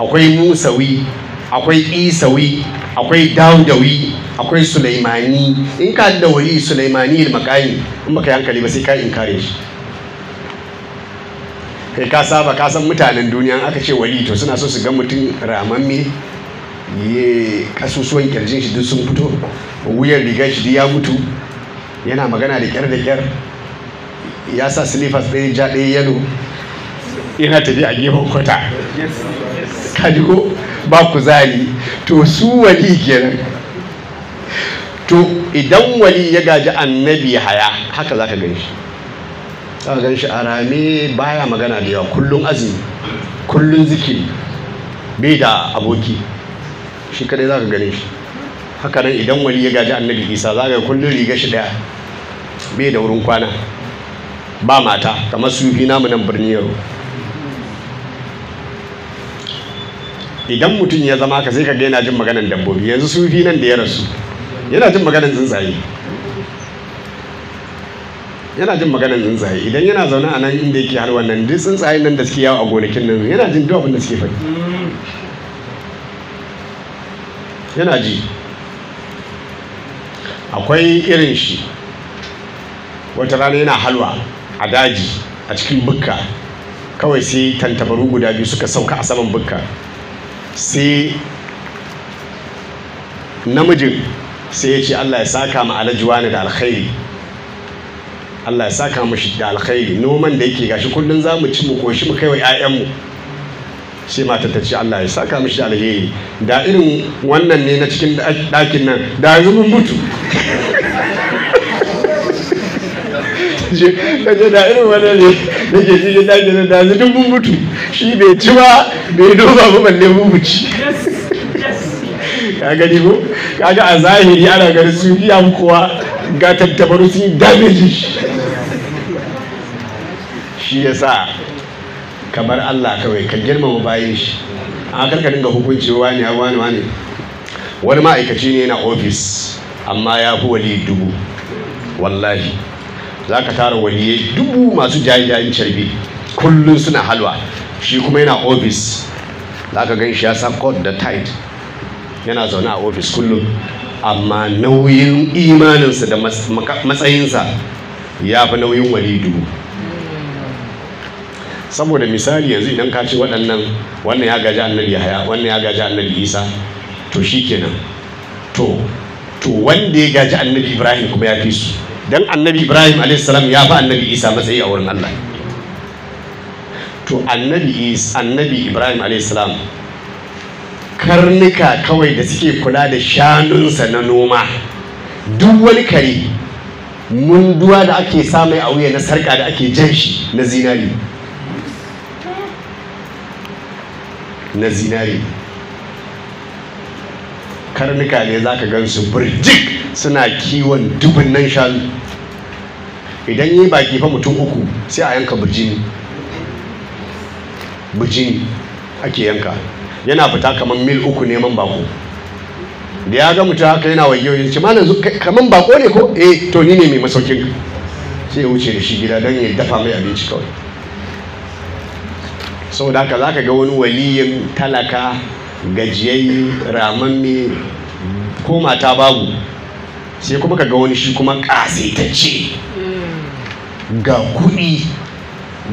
akwai musawi akwai isawi akwai daudawi akwai sulaimani in ka da wali sulaimani da makayi in baka hankali ba sai ka in kare shi kai ka saba ka san mutanen duniya aka ce wali to suna so su ga mutum ramamme ye kasusuwan kirjin shi duk sun fito wuyan rigar shi ya mutu yana magana da kyar da kyar ya sa silifas ɗaya ja ɗaya yalo yana tafi a gefen kwata kaji ko ba kuzari to su wali kenan to idan wali ya gaji annabi haya haka za ka gani za ka shi a baya magana da yawa kullum azumi kullum zikiri bai da aboki shi kadai za ka gani shi haka nan idan wali ya gaji annabi isa za ka kullum riga shi daya bai da wurin kwana ba mata kamar sufi namu nan birni yaro idan mutum ya zama ka sai ka ga yana jin maganan dabbobi yanzu sufi nan da ya rasu yana jin maganar tsuntsaye yana jin maganin tsuntsaye idan yana zaune a nan inda yake har wannan duk tsuntsaye nan da suke yawo a gonakin nan yana jin duk abin da suke faɗi yana ji akwai irin shi wata rana yana halwa a daji a cikin bukka kawai sai tantabaru guda biyu suka sauka a saman bukka sai namijin sai ya ce Allah ya saka ma alhaji wani da alkhairi Allah ya saka shi da alkhairi noman da yake gashi kullum za mu ci mu koshi mu kai wa 'ya'yanmu sai matar ta ce Allah ya saka mashi da alheri da irin wannan ne na cikin ɗakin nan da yanzu mun mutu kaje da irin wannan ne da ke cikin ɗakin nan da yanzu mun mutu shi bai ci ba bai doba ba balle mu mu ci ka gani ko kaga a zahiri ana ganin su fi an kuwa ga tattabaru sun yi shi ya sa kamar Allah kawai ka girmama bayan shi a karka dinga hukunci wani wani wani wani ma'aikaci ne na ofis amma ya fi wali dubu wallahi za ka tara waliyai dubu masu jajayen carbi kullum suna halwa shi kuma yana ofis za ka gan shi ya sa da tight yana zaune a ofis kullum amma nauyin imaninsa da matsayinsa ya fi nauyin walidu saboda misali yanzu idan ka ce waɗannan wannan ya gaji annabi haya wannan ya gaji annabi isa to shi kenan to to wanda ya gaji annabi ibrahim kuma ya fi su don annabi ibrahim a.s. ya fi annabi isa matsayi a wurin allah to annabi ibrahim a.s. karnuka kawai da suke kula da shanunsa na noma duk wani kare munduwa da ake samai a wuya na sarka da ake jan shi na zinari na zinari karnuka ne za ka gansu birjik suna kiwon dubin nan shanu idan yi baki fa mutum uku sai a yanka bijini bijini ake yanka yana fita kamar mil uku neman bako da ya ga mutum haka yana wayo ya ce malam kamar bako ne ko eh to ni ne mai masaukin sai ya wuce da shi gida don ya dafa mai abinci kawai saboda haka za ka ga wani waliyin talaka gajiyayye ramamme ko mata babu sai kuma ka ga wani shi kuma ƙasaitacce ga kuɗi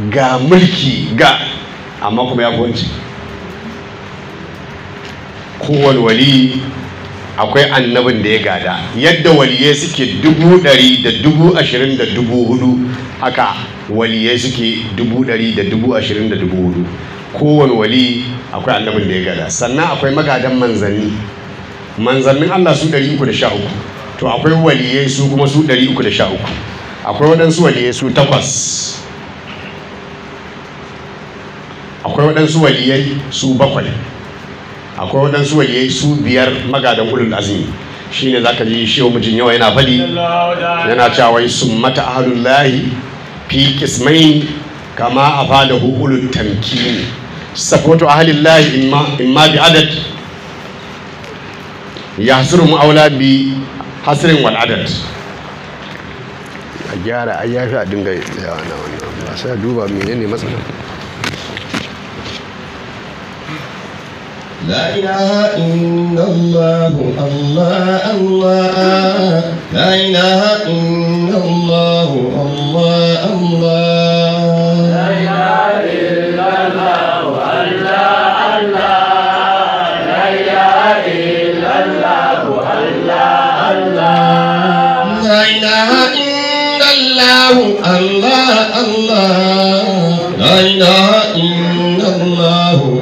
ga mulki ga amma kuma ya kwanci kowal wali akwai annabin da ya gada yadda waliye suke dubu ɗari da dubu ashirin da dubu hudu haka waliye suke dubu ɗari da dubu ashirin da dubu hudu kowane wali akwai annabin da ya gada sannan akwai magadan manzanni manzannin allah su ɗari uku da sha uku to akwai waliye su kuma su ɗari uku da sha uku akwai waɗansu waliye su takwas akwai waɗansu waliyai su bakwai akwai waɗansu waje su biyar magadan ulul ne za ka ji shehu mijin yawa yana fadi yana cewa a halin lahi? fi kismai kama a afadahu ulul a halin lahi in ma bi adad Ya yahsuru ma'aula bi hasirin wal adad a gyara ayyafi yafi a dinga yawa na wannan ba sai duba menene matsala. لا إله إلا الله الله الله لا إله إلا الله الله الله لا إله إلا الله الله الله لا إله إلا الله الله الله لا إله إلا الله الله الله لا إله إلا الله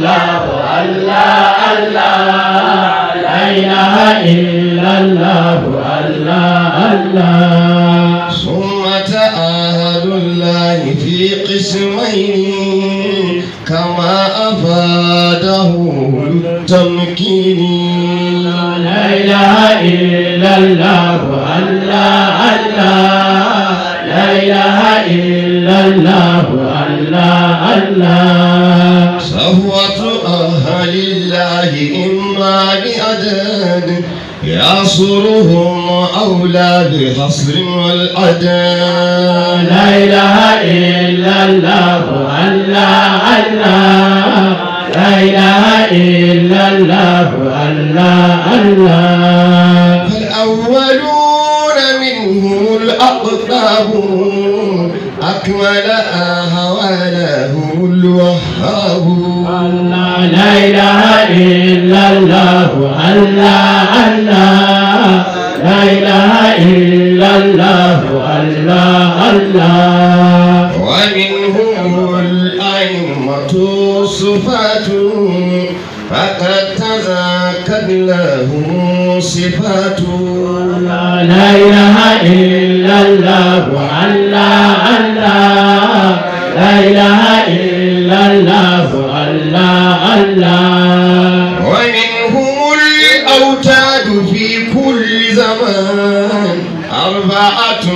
الله الله الله لا إله إلا الله الله الله ثم تعاهد الله في قسمين كما أفاده التمكين لا إله إلا الله الله الله لا إله إلا الله الله الله لله إما بأدان يعصرهم أولى بحصر والأدن لا إله إلا الله الله الله لا إله إلا الله الله الله فالأولون منهم الأقدامون أكملها وله آه الوهاب الله لا إله إلا الله الله الله لا إله إلا الله الله الله ومنهم الأئمة صفات فقد تزال الله صفاته لا إله إلا الله الله الله لا إله إلا الله الله الله ومنهم الأوتاد في كل زمان أربعة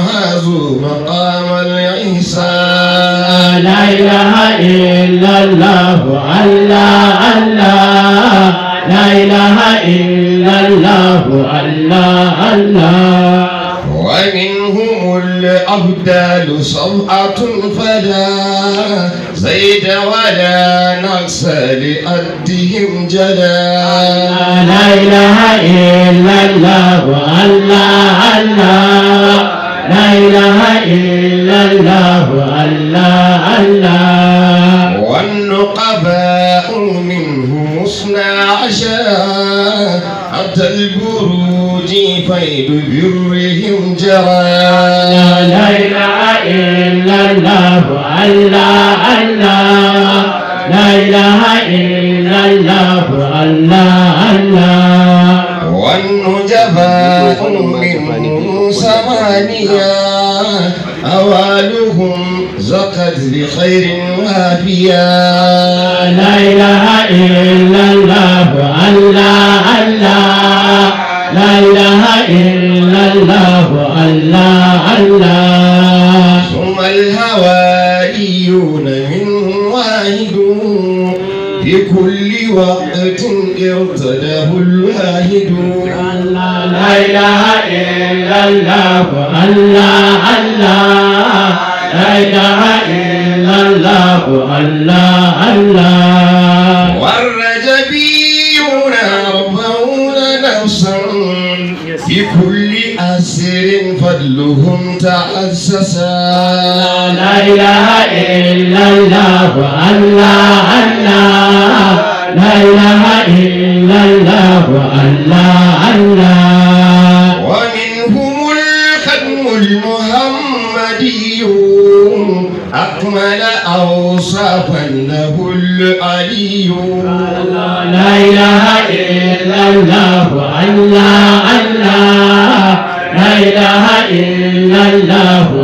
هازوا مقام العيسى لا إله إلا الله الله إلا الله الله الله ومنهم الأبدال صمعة فلا زيد ولا نقص لأدهم جلا لا إله إلا الله الله الله لا إله إلا الله الله الله والنقباء منه اثنا عشر وسط البروج فيض برهم جرى لا إله إلا الله الله الله لا إله إلا الله الله الله والنجباء منهم ثمانية أوالهم زقت بخير وافيا لا إله إلا الله الله لا إله إلا الله الله الله ثم الهوائيون منهم واحدون في كل وقت ارتده الواحد الله لا إله إلا الله الله الله لا إله إلا الله الله الله كنتم تأسسان لا إله إلا الله الله الله لا إله إلا الله الله الله ومنهم الختم المحمدي أكمل أوصافا له العلي لا إله إلا الله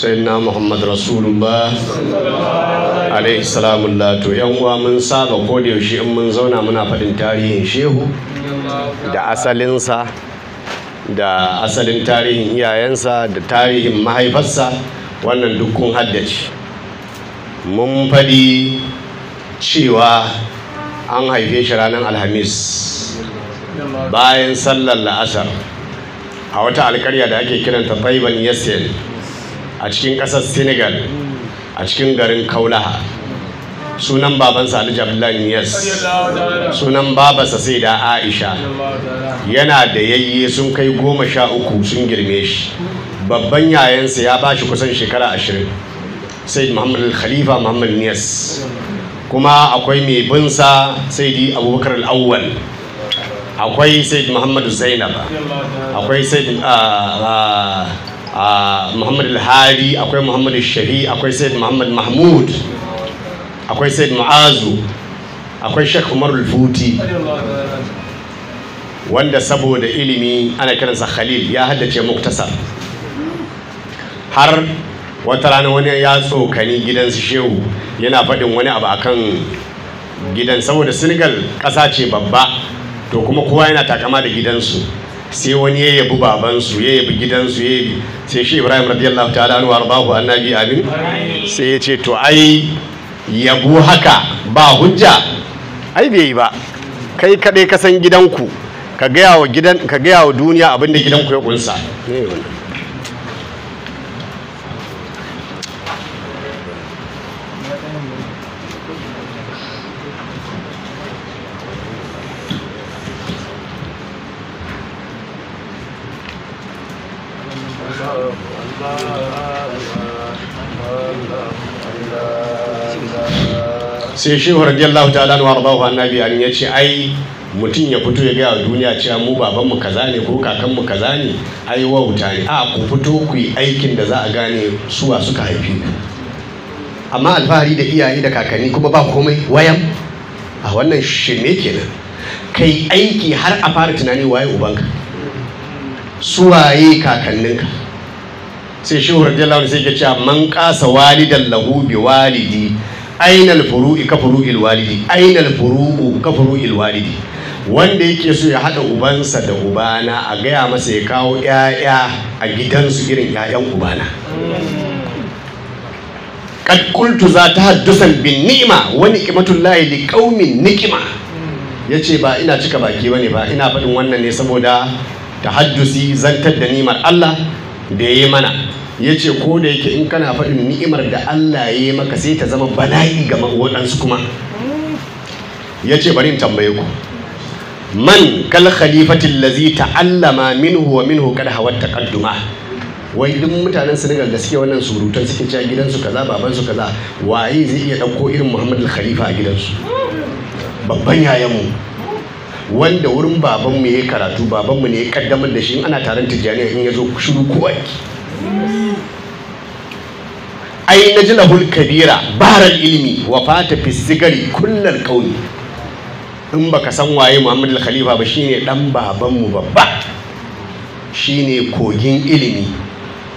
sayyidina muhammad rasulullah alaihi salamu to yan uwa mun saba ko da yaushe in mun zauna muna faɗin tarihin shehu da asalinsa da asalin tarihin iyayensa da tarihin mahaifarsa wannan dukkan haddace mun faɗi cewa an haife shi ranar alhamis bayan sallar la'asar a wata alkarya da ake kiranta faiban yasir a cikin ƙasar senegal a cikin garin kaulaha sunan babansa alhaji jamilan yes sunan babansa sai da aisha yana da yayye sun kai goma sha uku sun girme shi babban yayansa ya bashi kusan shekara ashirin sai muhammad khalifa muhammad niyas kuma akwai mai binsa sai di abubakar al'awwal akwai sai muhammad zainab akwai sai muhammad al-hari akwai muhammad shahi akwai said muhammad mahmud akwai said mu'azu akwai sheikh umar al-futi wanda saboda ilimi ana kiransa khalil ya haddace muktasar har wata rana wani ya tsokani gidan shehu yana faɗin wani abu a kan gidan saboda senegal ƙasa ce babba to kuma kowa yana takama da gidansu sai wani ya yabi babansu ya yabi gidansu ya yabi sai shi ibrahim radiyallahu ta'ala anhu ardahu annabi amin sai ya ce to ai yabu haka ba hujja ai bai yi ba kai kaɗai kasan gidanku ka gaya wa duniya abinda gidanku ya kunsa sai shehu radiyallahu ta'ala wa radahu annabi an yace ai mutum ya fito ya gaya duniya cewa mu baban ka kaza ne ko kakan mu kaza ne ai wuta ne a ku fito ku yi aikin da za a gane suwa suka haifi amma alfahari da iyaye da kakanni kuma ba komai wayan a wannan shirme kenan kai aiki har a fara tunani waye ubanka suwaye kakanninka sai shehu radiyallahu sai ya ce man kasa walidan lahu bi walidi ainal furu'i ka furu walidi ainal furu'u ka furu walidi wanda yake so ya haɗa ubansa da ubana a gaya masa ya kawo 'ya'ya a gidansu irin 'ya'yan ubana kad za ta haddusan bin ni'ima wani kimatullahi ƙaumin nikima yace ba ina cika baki bane ba ina faɗin wannan ne saboda ta haddusi zantar da nimar Allah da yayi mana ya ce ko da yake in kana faɗin ni'imar da Allah ya yi maka sai ta zama bala'i ga waɗansu kuma ya ce bari in tambaye ku man kal khalifatin lazi ta'allama minhu wa minhu kad hawat taqadduma wai duk mutanen sinigar da suke wannan surutan suke cewa gidansu kaza babansu kaza waye zai iya ɗauko irin Muhammadu Khalifa a gidansu babban yayanmu wanda wurin babanmu ya yi karatu babanmu ne ya kaddamar da shi ana taron tijjani in ya zo shiru kowa ai na ji lahul kabira barar ilimi wa fata fi sigari kullar kauni in baka san waye muhammadu khalifa ba shine dan mu babba shine kogin ilimi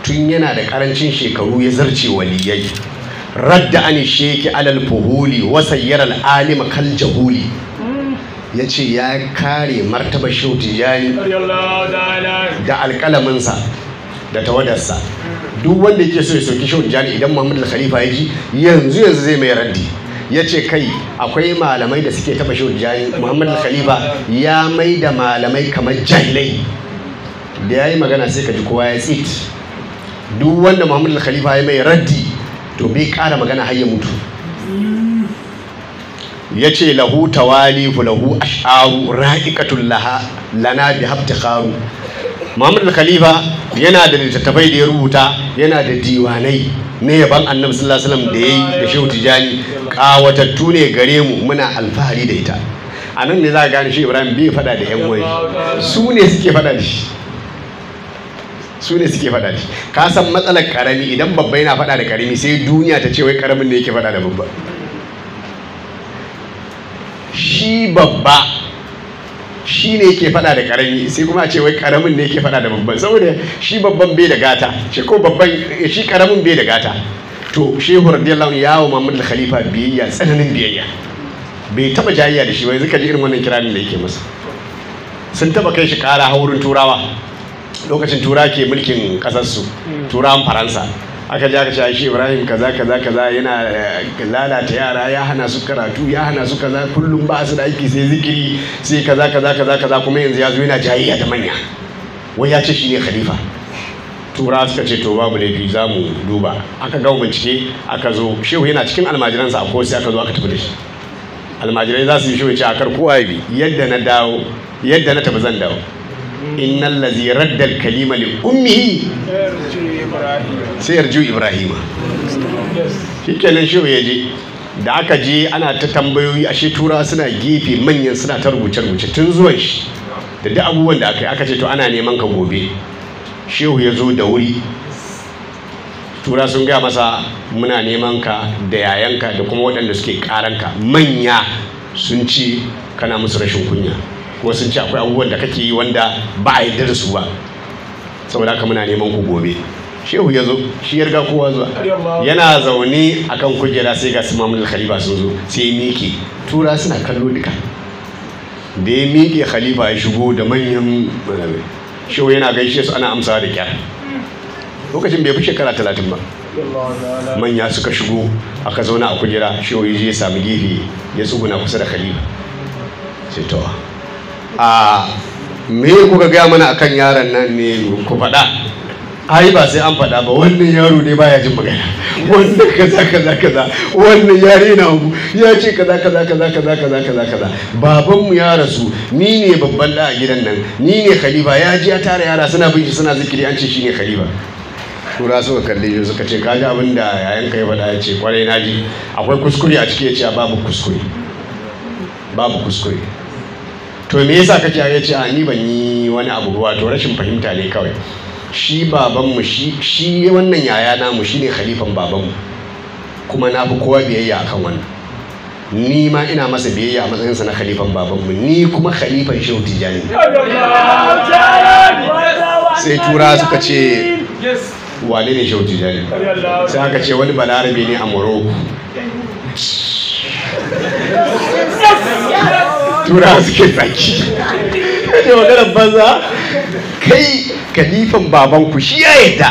tun yana da karancin shekaru ya zarce waliyai radda an sheki alal fuhuli wa sayyaral alim kal jahuli ya ce ya kare martaba shehu da alkalaminsa da tawadarsa duk wanda yake so ya soki shehu jani idan muhammadu khalifa ya ji yanzu yanzu zai mai raddi ya ce kai akwai malamai da suke taba shehu jani muhammadu khalifa ya mai da malamai kamar jahilai da ya yi magana sai ka ji kowa ya tsit duk wanda muhammadu khalifa ya mai raddi to bai kara magana har ya mutu ya ce lahu tawalifu lahu ash'aru ra'iqatul laha lana bi habtiqaru muhammadu khalifa yana da littattafai da ya rubuta yana da diwanai na yaban annabi sallallahu alaihi wasallam da yayi da shehu tijani kawatattu ne gare mu muna alfahari da ita a ne za ka gane shi ibrahim bai fada da yan su ne suke fada da shi su ne suke fada da shi ka san matsalar karami idan babba yana fada da karami sai duniya ta ce wai karamin ne yake fada da babba shi babba shi ne ke faɗa da karami sai kuma a ce wai karamin ne ke faɗa da babban saboda shi babban bai da gata shi ko babban eh, shi karamin bai da gata to shehu radiyallahu anhu yawo Muhammad al-Khalifa biyayya tsananin biyayya bai taba jayayya da shi ba yanzu ka ji irin wannan kiranin da yake masa sun taba kai shi kara haurin turawa lokacin tura ke mulkin kasarsu hmm. turawan faransa aka ji aka ce shi ibrahim kaza kaza kaza yana eh, lalata yara ya hana su karatu ya hana su kaza kullum ba su da aiki sai zikiri sai kaza kaza kaza kaza kuma yanzu ya zo yana jayayya da manya wai ya ce shi ne khalifa tura suka ce to babu laifi za mu duba aka gawo bincike aka zo shehu yana cikin almajiransa a kowace aka zo aka tafi da shi almajirai za su yi shehu ce a kar kowa bi yadda na dawo yadda na tafi zan dawo innal ladhi radda al kalima li ummihi sai yarju ibrahima shikenan shehu ya je da aka je ana ta tambayoyi ashe tura suna gefe manyan suna ta rubuce rubuce tun zuwan shi da duk abubuwan da aka yi aka ce to ana neman ka gobe shehu ya zo da wuri tura sun gaya masa muna neman ka da yayanka da kuma waɗanda suke ka. manya sun ce kana musu rashin kunya wasu ce akwai abubuwan da kake yi wanda ba a yi darasu su ba saboda haka muna neman ku gobe shehu ya zo shi ya riga kowa zuwa yana zaune a kan kujera sai ga su mamun khalifa sun zo sai miƙe tura suna kallo duka da ya miƙe khalifa ya shigo da manyan eh, shehu yana gaishe su ana amsawa da kyar lokacin bai fi shekara talatin ba manya suka shigo aka zauna a kujera shehu ya je ya sami gefe ya tsuguna kusa da khalifa sai a me kuka gaya mana akan yaron nan ne ku faɗa ai ba sai an faɗa ba wannan yaro ne baya jin magana wannan kaza kaza kaza wannan yare na mu ya ce kaza kaza kaza kaza kaza kaza kaza baban mu ya rasu ni ne babban da a gidan nan ni ne khalifa ya ji ya tara yara suna bin shi suna zikiri an ce shi ne khalifa tura suka kalle shi suka ce kaji abin da yayan ka ya faɗa ya ce kwarai na ji akwai kuskure a ciki ya ce babu kuskure babu kuskure to me yasa kake ya ce a ni ban yi wani abu ba to rashin fahimta ne kawai shi babanmu shi shi wannan yaya namu shine khalifan babanmu kuma na fi kowa biyayya akan wannan ni ma ina masa biyayya a sa na khalifan babanmu ni kuma khalifan shehu tijani sai tura suka ce wane ne shehu tijani sai aka ce wani balarabe ne a morocco turawa suke tsaki ce maganar banza kai kalifan babanku shi ya yadda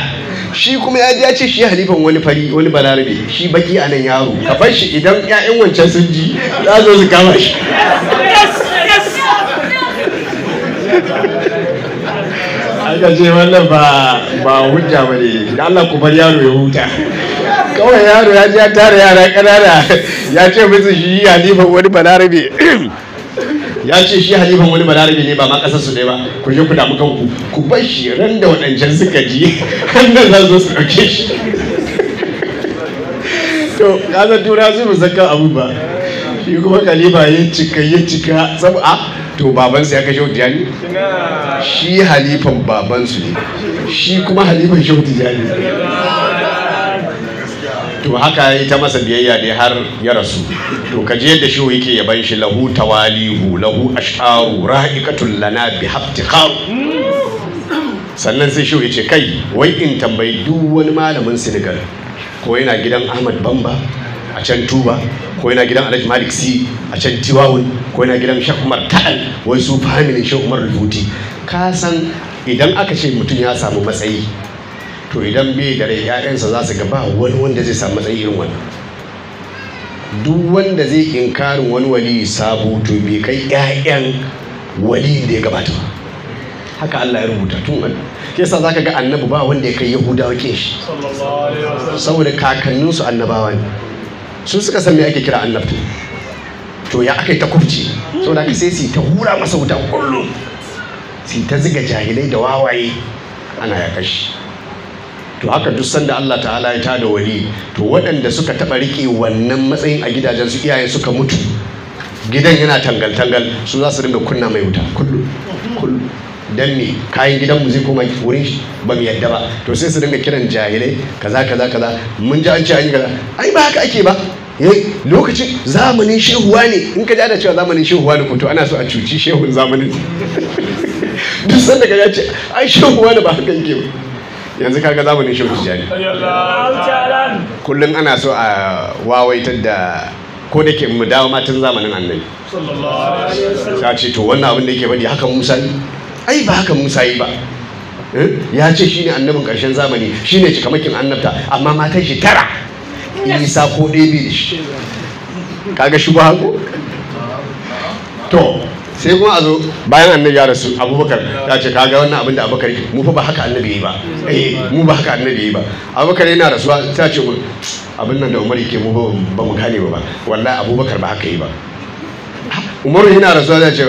shi kuma ya ji ya ce shi halifan wani fari wani balarabe shi baki a nan yaro ka bar shi idan ƴaƴan wancan sun ji za zo su kama shi aka ce wannan ba ba hujja ba ne da Allah ku bar yaro ya huta kawai yaro ya ji ya tara yara ƙanana ya ce musu shi halifan wani balarabe ya ce shi halifan wani balarabe ne ba ma kasar su ne ba ku je ku damu kanku ku bar shi ran da waɗancan suka ji hannun za su su ɗauke shi to kasar tura su zaka abu ba shi kuma khalifa ya cika ya cika sabu a to babansa ya kashe tijani shi halifan babansu ne shi kuma halifan shehu ne. to haka yi ta masa biyayya dai har ya rasu to ka ji yadda shehu yake yaban shi lahu tawalihu lahu ash'aru ra'ikatul lana bi haftiqar sannan sai shehu yace kai wai in tambayi duk wani malamin sinigar ko yana gidan Ahmad Bamba a can Tuba ko yana gidan Alhaji Malik Si a can Tiwawun ko yana gidan Sheikh Umar Ta'al wai su family Sheikh Umar Rufuti ka san idan aka ce mutum ya samu matsayi to idan bai da rai ya'yansa za su gaba wani wanda zai samu matsayi irin wannan duk wanda zai inkarin wani wali sabo to bai kai 'ya'yan wali da ya gabata haka Allah ya rubuta tun sa yasa ka ga annabi ba wanda ya kai yahudawa wake shi saboda kakanninsu annabawa ne su suka san me ake kira Annabtu? to ya aka yi ta kufci saboda ka sai su ta hura masa wuta kullum su ta ziga jahilai da wawaye ana ya kashi to haka duk sanda Allah ta'ala ya tada wali to waɗanda suka taɓa riƙe wannan matsayin a gidajen su iyayen suka mutu gidan yana tangal-tangal su za su dinga kunna mai wuta kullu kullu dan me kayan gidan mu zai koma wurin shi ba mu yadda ba to sai su dinga kiran jahilai kaza kaza kaza mun ji an ce an yi kaza ai ba haka ake ba eh, lokacin zamanin shehuwa ne in ka da cewa zamanin shehuwa ne to ana so a cuci shehun zamanin duk sanda ka ce ai shehuwa ne ba haka yake ba yanzu kaga zamanin nishin tijjani kullum ana so a wawaitar da ko da ke mu dawo matan zamanin annabi ta ce to wannan abin da yake faɗi haka musa yi ai ba haka musa yi ba eh? ya ce shine annabin karshen zamani shi shine cikamakin annabta amma matan shi tara isa ko ɗaya bai da shi kaga shi ba hako to sai kuma a zo bayan annabi ya rasu abubakar ya ce kaga wannan abin da abubakar mu fa ba haka annabi yi ba eh mu ba haka annabi yi ba abubakar yana rasuwa ta ce abin nan da umar yake mu ba mu gane ba wallahi abubakar ba haka yi ba Umar yana rasuwa ya ce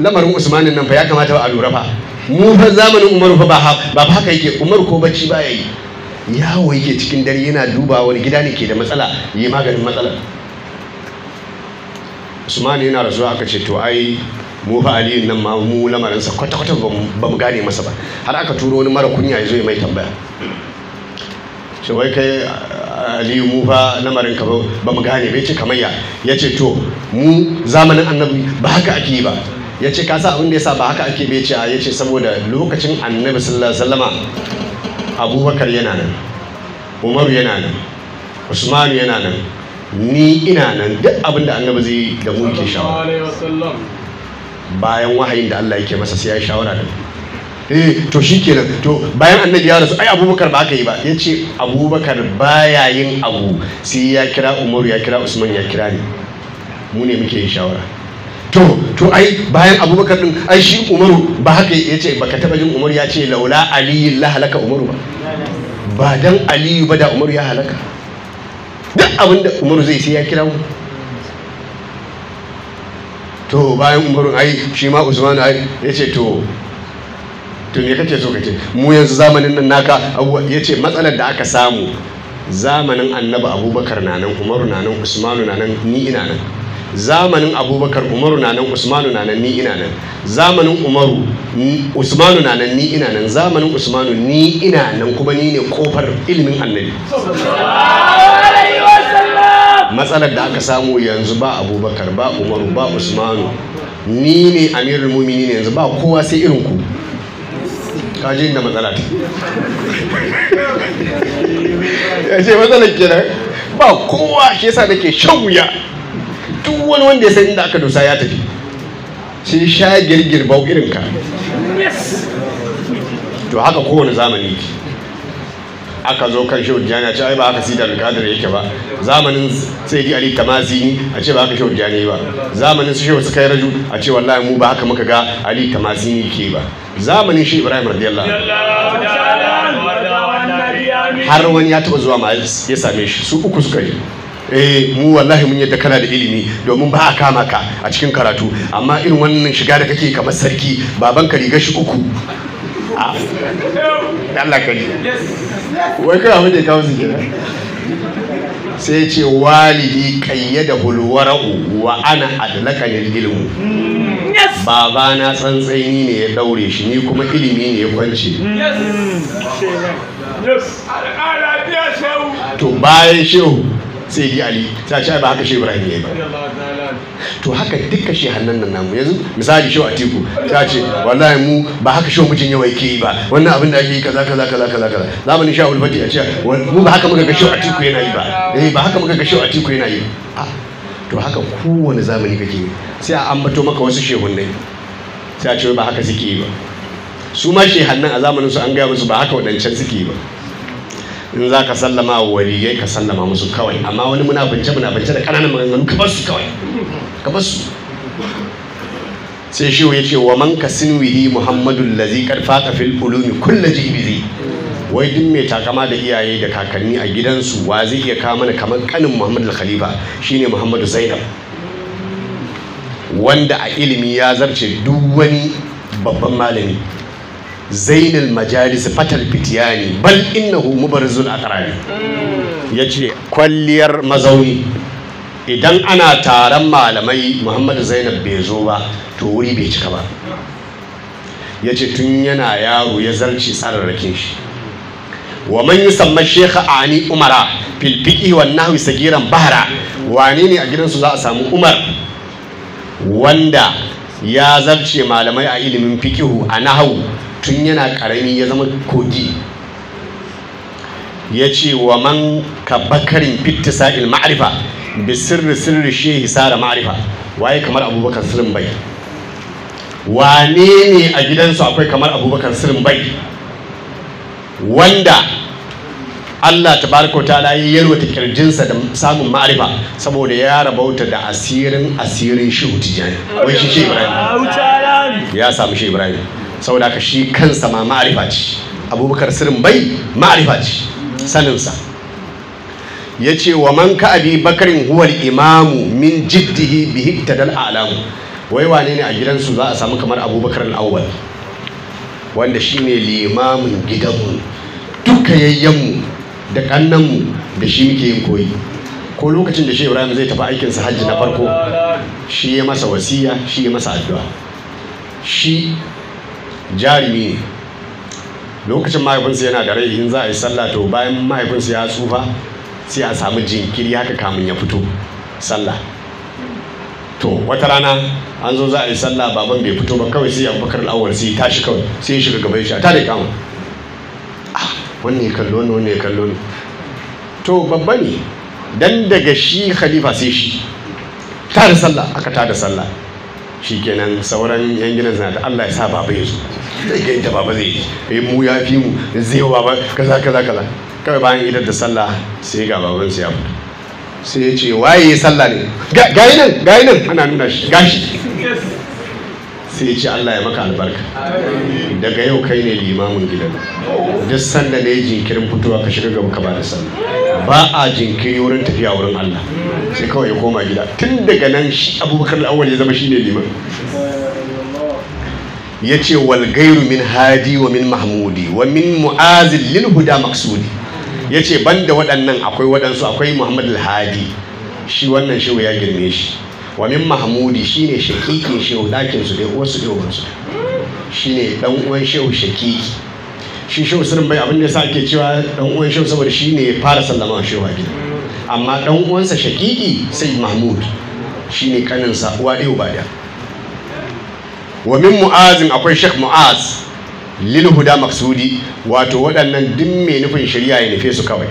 lamarin usmanin nan fa ya kamata a lura fa mu fa zamanin Umar fa ba haka yake Umar ko bacci ba yayi yawo yake cikin dare yana duba wani gida ne ke da matsala yi maganin matsalar Usman yana rasuwa aka ce to ai mu fa aliyu nan ma mu sa kwata-kwata ba mu gane masa ba har aka turo wani mara kunya ya zo ya mai tambaya shi wai kai aliyu mu fa lamarin ka ba mu gane bai ce kamar ya ce to mu zamanin annabi ba haka ake yi ba ya ce ka sa abin da ya sa ba haka ake bai ce ya ce saboda lokacin annabi sallallahu alaihi wasallama abubakar yana nan umaru yana nan usman yana nan ni ina nan duk abin da annabi zai da mu ke shawara bayan wahayin da Allah yake masa sai ya shawara da eh to shikenan to bayan annabi ya rasu ai abubakar ba aka yi ba ya ce abubakar baya yin abu sai ya kira umaru ya kira usman ya kira ni mu ne muke yin shawara to to ai bayan abubakar din ai shi umaru ba haka ya ce baka taba jin umaru ya ce laula aliyu la halaka umaru ba ba dan aliyu ba da umaru ya halaka duk abinda umaru zai sai ya kira mu to bayan umarun ai shi ma usman ai ya ce to to me kake so kace mu yanzu zamanin nan naka ya ce matsalar da aka samu zamanin annabi abubakar na nan umaru na nan usmanu na nan ni ina nan zamanin abubakar umaru na nan usmanu na nan ni ina nan zamanin umaru usmanu na nan ni ina nan zamanin usmanu ni ina nan kuma ni ne kofar ilimin annabi matsalar da aka samu yanzu ba abubakar ba umaru ba usmanu ni ne amirul mumini ne yanzu ba kowa sai irin ku kaji da matsala ta ya ce matsalar kenan ba kowa shi yasa nake shan wuya duk wani wanda ya san inda aka dosa ya tafi sai sha girgir bau irin ka to haka kowane zamani aka zo kan shehu jani a ce ai ba aka sita kadir yake ba zamanin sai ali tamazini a ce ba haka shehu jani ba zamanin su shehu suka yi raju a ce wallahi mu ba haka muka ga ali tamazini ke ba zamanin shi ibrahim radiyallahu har wani ya taba zuwa majalis ya same shi su uku suka yi eh mu wallahi mun yadda kana da ilimi domin ba a kama ka a cikin karatu amma irin wannan shiga da kake kamar sarki baban ka riga shi uku ah. Allah ka ji. wai kawai abin da ya kawo su sai sai ce walidi kayyada hulwara'u wa ana adalaka lil ilmu baba na tsantsani ne ya daure shi ni kuma ilimi ne ya kwance to bayan shehu sai yi ali ta ce ba haka shehu ibrahim ya yi ba to haka duka shehannan nan namu yanzu misali a tiku ta ce wallahi mu ba haka shehu mijin ya ke yi ba wannan abin da ake yi kaza kaza kaza kaza kaza zamanin a ulfati a ce mu ba haka muka ga a tiku yana yi ba eh ba haka muka ga a tiku yana yi A, to haka kowane zamani kake yi sai a ambato maka wasu shehunnai sai a ce ba haka suke yi ba su ma shehannan a zamanin su an gaya musu ba haka wadancan suke yi ba in za ka sallama wa wariyai ka sallama musu kawai amma wani muna bance muna bance da kananan maganganu ka bar su kawai ka sai shi ya ce wa man ka sinwihi muhammadun lazi karfa ka fil ulumi kulla jibiri wai duk mai takama da iyaye da kakanni a gidansu wa zai iya kawo mana kamar kanin muhammadu khalifa shine muhammadu zainab wanda a ilimi ya zarce duk wani babban malami zainul majalis fatal fitiyani bal innahu mubarizul ya yace kwalliyar mazauni idan ana taron malamai muhammadu zainab bai zo ba to wuri bai cika ba ya ce tun yana yaro ya zarci tsararrakin shi wa man yusamma shekha ani umara filfiki wa nahwi sagiran bahara wane ne a gidansu za a samu umar wanda ya zarce malamai a ilimin fikihu a nahawu tun yana karami ya zama kogi ya ce wa man ka bakarin fittisa il ma'arifa Bisirri sirri shehi sara ma'rifa waye kamar abubakar sirrin bai wane ne a gidansu akwai kamar abubakar sirrin bai wanda Allah ta barko ta layi ya yarwata kirjinsa da samun ma'arifa saboda ya rabauta da asirin asirin hutu jani wai shi shi ibrahim ya samu shi ibrahim saboda haka shi kansa ma ma'arifa ce abubakar sirrin bai ma'arifa ce saninsa ya ce wa man ka abi bakarin huwal imamu min jiddihi bi hiktadal alamu wai wane ne a gidansu za a samu kamar abubakar al'awwal wanda shi ne limamin gidanmu duka yayyanmu da kannanmu da shi muke yin koyi ko lokacin da shi ibrahim zai tafi aikinsa hajji na farko shi ya masa wasiya shi ya masa addu'a shi jarumi ne lokacin mahaifinsa yana da rai in za a yi sallah to bayan mahaifinsa ya tsufa sai a samu jinkiri haka kamun ya fito sallah to wata rana an zo za a yi sallah baban bai fito ba kawai sai ya bakar al'awar sai tashi kawai sai ya shiga gaba ya ta da kama ah, wannan ya kallo ne wannan ya kallo ne to babba ne dan daga shi khalifa sai shi ta da sallah aka ta da sallah shi kenan sauran yan gidan suna Allah ya sa baba ya zo zai ga inda baba zai yi eh, mu ya fi mu zai wa baba kaza kaza kaza kawai bayan idar da sallah sai ga baban sai ya fito sai ya ce waye sallah ne gayi nan nan ana nuna shi gashi sai ya ce Allah ya maka albarka daga yau kai ne limamin gidan duk sanda ne jinkirin fitowa ka shiga gaba ka ba da sallah ba a jinkiri wurin tafiya wurin Allah sai kawai ya koma gida tun daga nan shi abubakar al'awwal ya zama shine liman ya ce wal min hadi wa min mahmudi wa min mu'azil lil huda maksudi ya ce ban da waɗannan akwai waɗansu akwai muhammad al-hadi shi wannan shehu ya girme shi wa min mahmudi ne shakikin shehu ɗakin su dai wasu dai wasu ne dan uwan shehu shakiki shi shehu sirrin bai abin da yasa ake cewa dan uwan shehu saboda shine ya fara sallama shehu a gida amma dan uwansa shakiki sai mahmud kanin sa uwa ɗaya ba da wa min mu'azin akwai shek mu'az lil huda maksudi wato waɗannan duk mai nufin shari'a ya nufe su kawai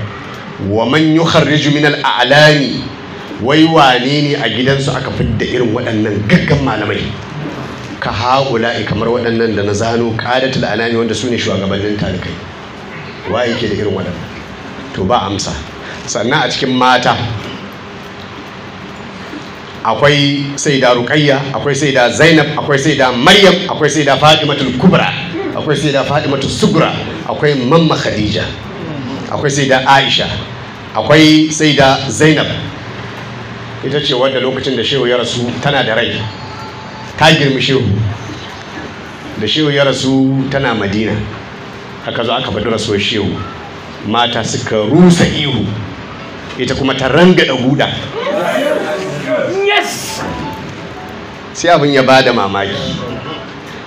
wa man yukharriju min al a'lami wai wane ne a gidansu aka da irin waɗannan gaggan malamai ka haula'i kamar waɗannan da na zano qadatul alami wanda su ne shugabannin talikai wa yake da irin waɗannan to ba amsa sannan a cikin mata akwai sai da ruqayya akwai sai da zainab akwai sai da maryam akwai sai da fatimatul kubra akwai sai da mata sugura akwai mamma khadija akwai sai da aisha akwai sai da zainab ita ce wadda lokacin da shehu ya rasu tana da rai ta girmi shehu da shehu ya rasu tana madina aka zo aka faɗi rasuwar shehu mata suka rusa ihu ita kuma ta ranga da guda sai abin ya ba da mamaki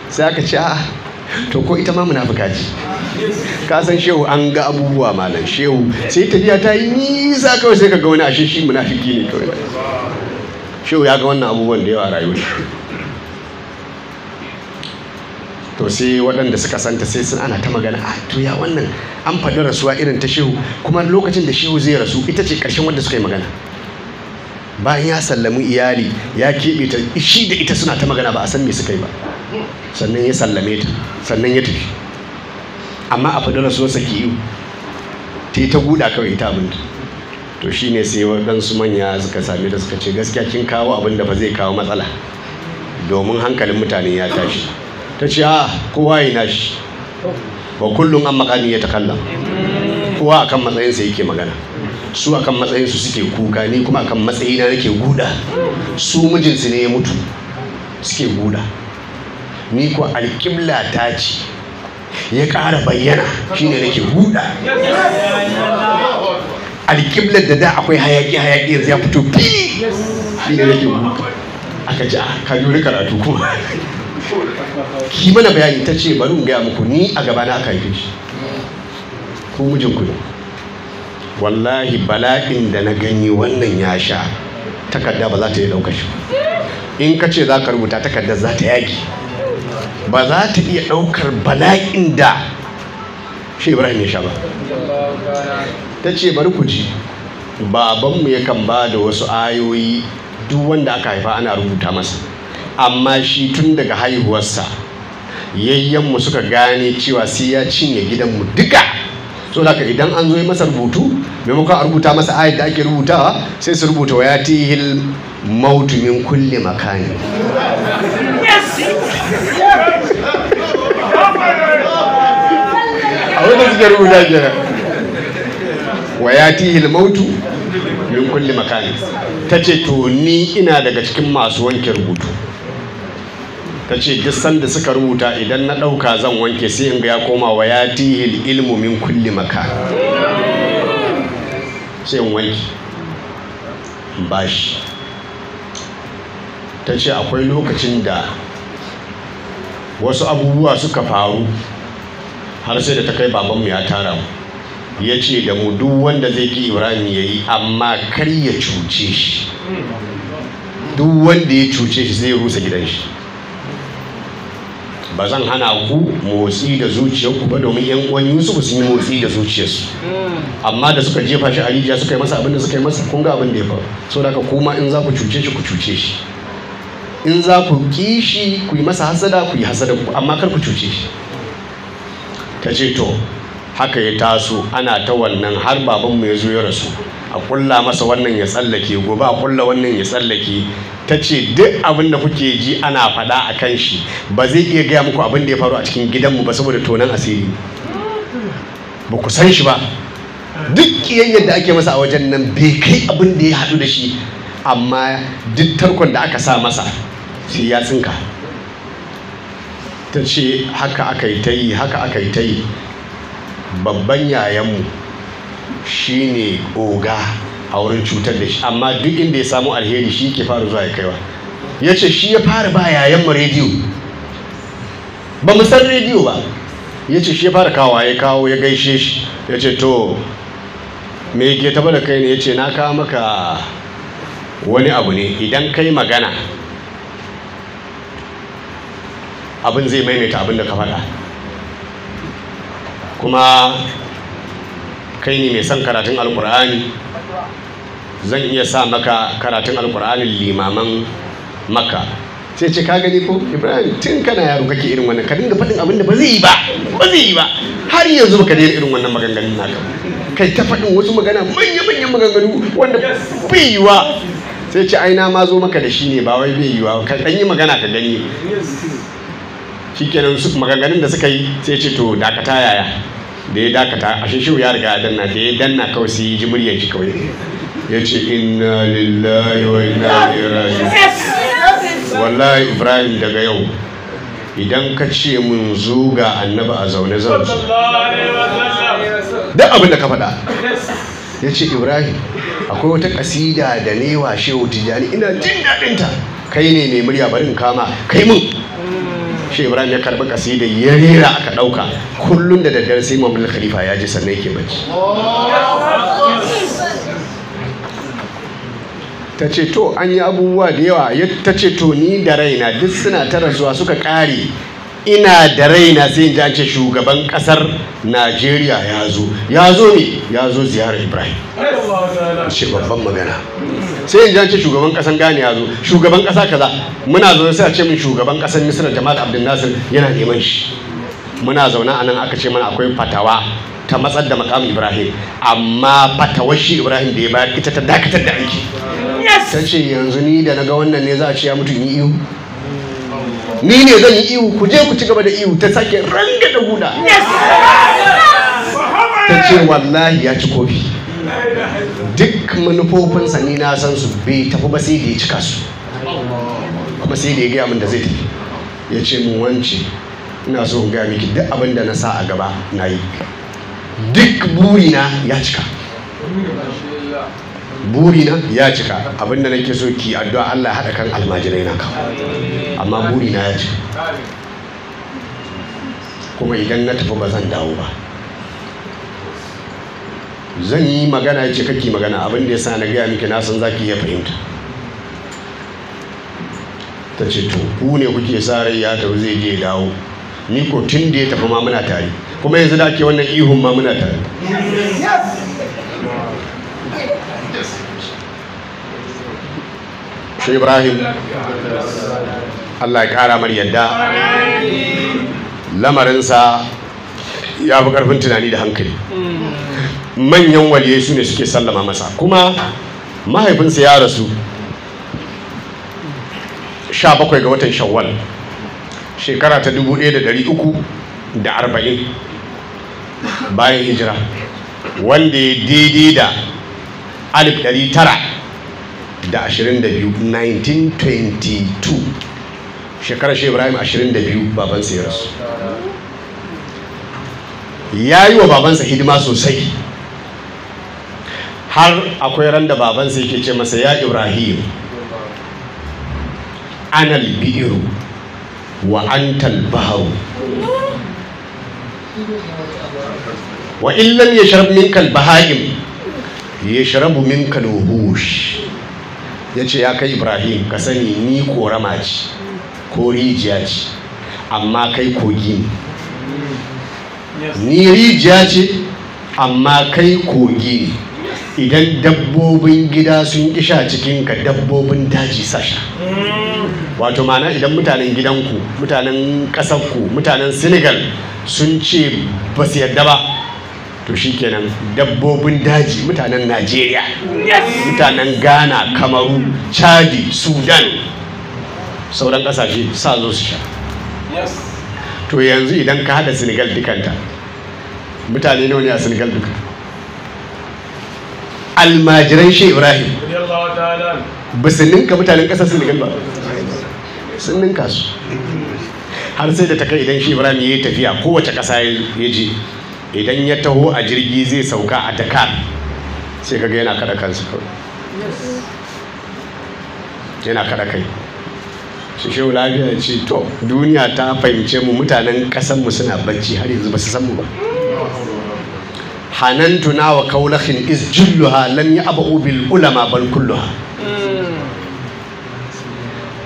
sai aka ce a'a to ko ita ma munafuka ce ka san shehu an ga abubuwa malam shehu sai tafiya ta yi nisa kawai sai ka ga wani ashe shi munafiki ne kawai shehu ya ga wannan abubuwan da yawa a shi to sai waɗanda suka santa sai sun ana ta magana a ah, to ya wannan an faɗi rasuwa irin ta shehu kuma lokacin da shehu zai rasu ita ce ƙarshen wanda suka yi magana bayan ya sallami iyali ya keɓe ta shi da ita suna ta magana ba a san me suka yi ba sannan ya sallame ta sannan ya tafi amma a fadar su wasa yi ta yi ta guda kawai ita abinda. to shi ne sai waɗansu manya suka sami da suka ce gaskiya kin kawo abin da ba zai kawo matsala domin hankalin mutane ya tashi ta ce a ah, kowa ya nashi wa kullum an makami ya takalla kowa akan matsayinsa yake magana su akan matsayinsu suke kuka ni kuma akan matsayina yake guda su mijinsu ne ya mutu suke guda ni ko alƙibla ta ce ya ƙara bayyana shi ne nake buɗa alƙiblar da da akwai hayaƙi hayaƙi yanzu ya fito shi ne nake buɗa aka ah, ji ka jure karatu kuma ki mana bayani ta ce bari in gaya muku ni a gaba na aka haife shi ko mijin ku ne wallahi bala'in da na gani wannan ya sha takarda ba za ta yi ɗaukar shi in ka ce za ka rubuta takarda za ta yaki ba za ta iya ɗaukar bala'in da shi ibrahim ya sha ba ta ce bari ku ji babanmu ya kan ba da wasu ayoyi duk wanda aka haifa ana rubuta masa amma shi tun daga haihuwarsa yayyanmu suka gane cewa sai ya cinye gidanmu duka so da idan an zo masa rubutu maimakon a rubuta masa ayat da ake rubutawa sai su rubuta wa ya tihil mautumin kulle makani a wanda suke rubuta kenan wa ya tihil mautu min kulli makani ta ce to ni ina daga cikin masu wanke rubutu ta ce duk sanda suka rubuta idan na ɗauka zan wanke sai in ga ya koma wa ya tihil ilmu min kulli makani sai in wanke bashi ta ce akwai lokacin da wasu abubuwa suka faru har sai da ta kai babanmu ya tara mu ya ce da mu duk wanda zai ki ibrahim ya yi amma kar ya cuce shi duk wanda ya cuce shi zai rusa gidan shi ba zan hana ku motsi da zuciyarku ba domin yan uwan ku sun yi motsi da zuciyarsu amma da suka jefa shi a rijiya suka yi masa abin da suka yi masa kun ga abin da ya faru so da haka kuma in za ku cuce shi ku cuce shi in za ku ki shi ku yi masa hasada ku yi hasada ku amma kar ku cuce shi ta ce to haka ya taso ana ta wannan har babanmu ya zo ya rasu a kulla masa wannan ya tsallake gobe a kulla wannan ya tsallake ta ce duk abin da kuke ji ana faɗa a kan shi ba zai iya gaya muku abin da ya faru a cikin gidanmu ba saboda tonan asiri ba ku san shi ba duk kiyan yadda ake masa a wajen nan bai kai abin da ya haɗu da shi amma duk tarkon da aka sa masa sai ya tsinka ta ce haka aka yi ta yi haka aka yi ta yi babban yayanmu shi ne oga a wurin cutar da shi amma duk inda ya samu alheri shi ke fara zuwa ya kaiwa ya ce shi ya fara ba yayanmu rediyo ba mu san rediyo ba ya ce shi ya fara kawo ya kawo ya gaishe shi ya ce to me ke taba da kai ne ya ce na kawo maka wani abu ne idan kai magana abin zai maimaita abin da ka faɗa kuma kai ne mai son karatun alkur'ani zan iya sa maka karatun alkur'anin limaman maka sai ce ka gani ko ibrahim tun kana yaro kake irin wannan ka dinga faɗin abin da ba zai yi ba ba zai yi ba har yanzu ka daina irin wannan maganganun naka kai ta faɗin wasu magana manya-manyan maganganu wanda bai yi wa? sai ce aina ma zo maka da shi ne ba wai bai wa? ka ɗan yi magana ka gani kenan su maganganun da suka yi sai ce to dakata yaya da ya dakata a shi ya riga danna da ya danna kawai sai ji muryar shi kawai ya ce inna lillahi wa inna ilaihi wallahi ibrahim daga yau idan ka ce mun zuga annaba a zaune zaune su duk abin da ka faɗa ya ce ibrahim akwai wata kasida da washe shehu tijjani ina jin daɗinta kai ne mai murya barin kama kai mun shi ibrahim ya karbi da ya rera aka ɗauka kullum da daddare sai mamul khalifa ya ji sannan yake bacci ta ce to an yi abubuwa da yawa ta ce to ni da raina duk suna tara zuwa suka ƙare. ina da raina sai in ji an ce shugaban kasar najeriya ya zo ya zo ne ya zo ziyarar ibrahim ce babban magana sai in ji an ce shugaban kasan gani ya zo shugaban kasa kaza muna zaune sai a ce min shugaban kasan misira jamal abdul nasir yana neman shi muna zaune a nan aka ce mana akwai fatawa ta matsar da makamin ibrahim amma fatawar shi ibrahim da ya bayar ita ta dakatar da aiki ta ce yanzu ni da na ga wannan ne za a ce ya mutu ni iyo ni ne zan yi ihu ku je ku ci gaba da ihu ta sake ranga da guda ta ce wallahi ya ci kofi duk manufofin Sani na san su bai tafi ba sai da ya cika su ba sai da ya gaya min da zai tafi ya ce mu wance ina so in gaya miki duk abin da na sa a gaba na yi duk burina ya cika burina ya cika abinda nake so ki addu'a Allah ya haɗa kan almajirai na amma burina ya cika kuma idan na tafi ba zan dawo ba zan yi magana ya ce kake magana abinda ya sa na gaya miki na san zaki iya fahimta ta ce to ku ne kuke sa rai ya tafi zai je dawo ni ko tun da ya tafi ma muna tare kuma yanzu da ake wannan ihun ma muna tare shi ibrahim allah ya ƙara mar yadda lamarinsa ya fi ƙarfin tunani da hankali manyan waliyai su ne suke sallama masa kuma mahaifinsa ya rasu Sha bakwai ga watan shawwal shekara ta dubu ɗaya da da uku ɗari arba'in bayan hijira wanda ya daidai da alif ɗari tara. da 22 1922 shekarar shi ibrahim 22 babansa ya rasu ya yi wa babansa hidima sosai har akwai ran da babansa yake ce masa ya ibrahim anal bi'iru wa antal baharu wa ya yashrab minkal bahaim sharabu minkal wuhush ya ce ya kai ibrahim ka sani ni korama ce ko rijiya ce amma kai kogi ne ni rijiya ce amma kai kogi ne idan dabbobin gida sun kisha cikin ka dabbobin daji sasha mm. wato mana idan mutanen gidanku mutanen ƙasarku mutanen senegal sun ce ba su yarda ba to shikenan dabbobin daji mutanen najeriya mutanen ghana kamaru chadi sudan sauran kasashe sa zo su sha to yanzu idan ka hada senegal dukanta mutane nawa ne a senegal duka almajiran shi ibrahim ba su ninka mutanen kasar senegal ba sun ninka su har sai da ta kai idan shi ibrahim ya yi tafiya kowace kasa ya je idan ya taho a jirgi zai sauka a dakar sai kaga yana kada kansu kawai yana kada kai shi shi lafiya ce to duniya ta fahimce mu mutanen ƙasanmu suna bacci har yanzu ba su san mu ba tuna wa kaulahin is jilluha lam ya'bu bil ulama bal kulluha hmm.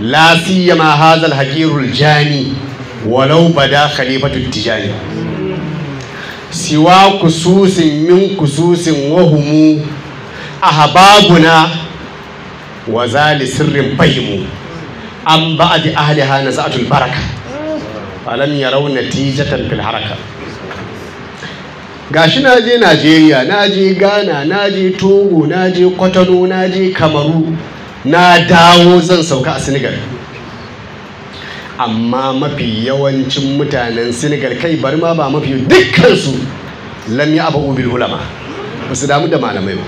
la siyama hadha al jani walau bada khalifatu tijani siwa kususin min kususin wahumu a hababuna wa zali sirrin fahimu an ba'di ahliha nasa'atul baraka alam yarau natijatan fil haraka gashi na je Najeriya na je Ghana na je Togo na je Kwatano na je Kamaru na dawo zan sauka a Senegal amma mafi yawancin mutanen senegal kai bari ma ba mafi dukkansu lam ya abu bil ulama ba su damu da malamai ba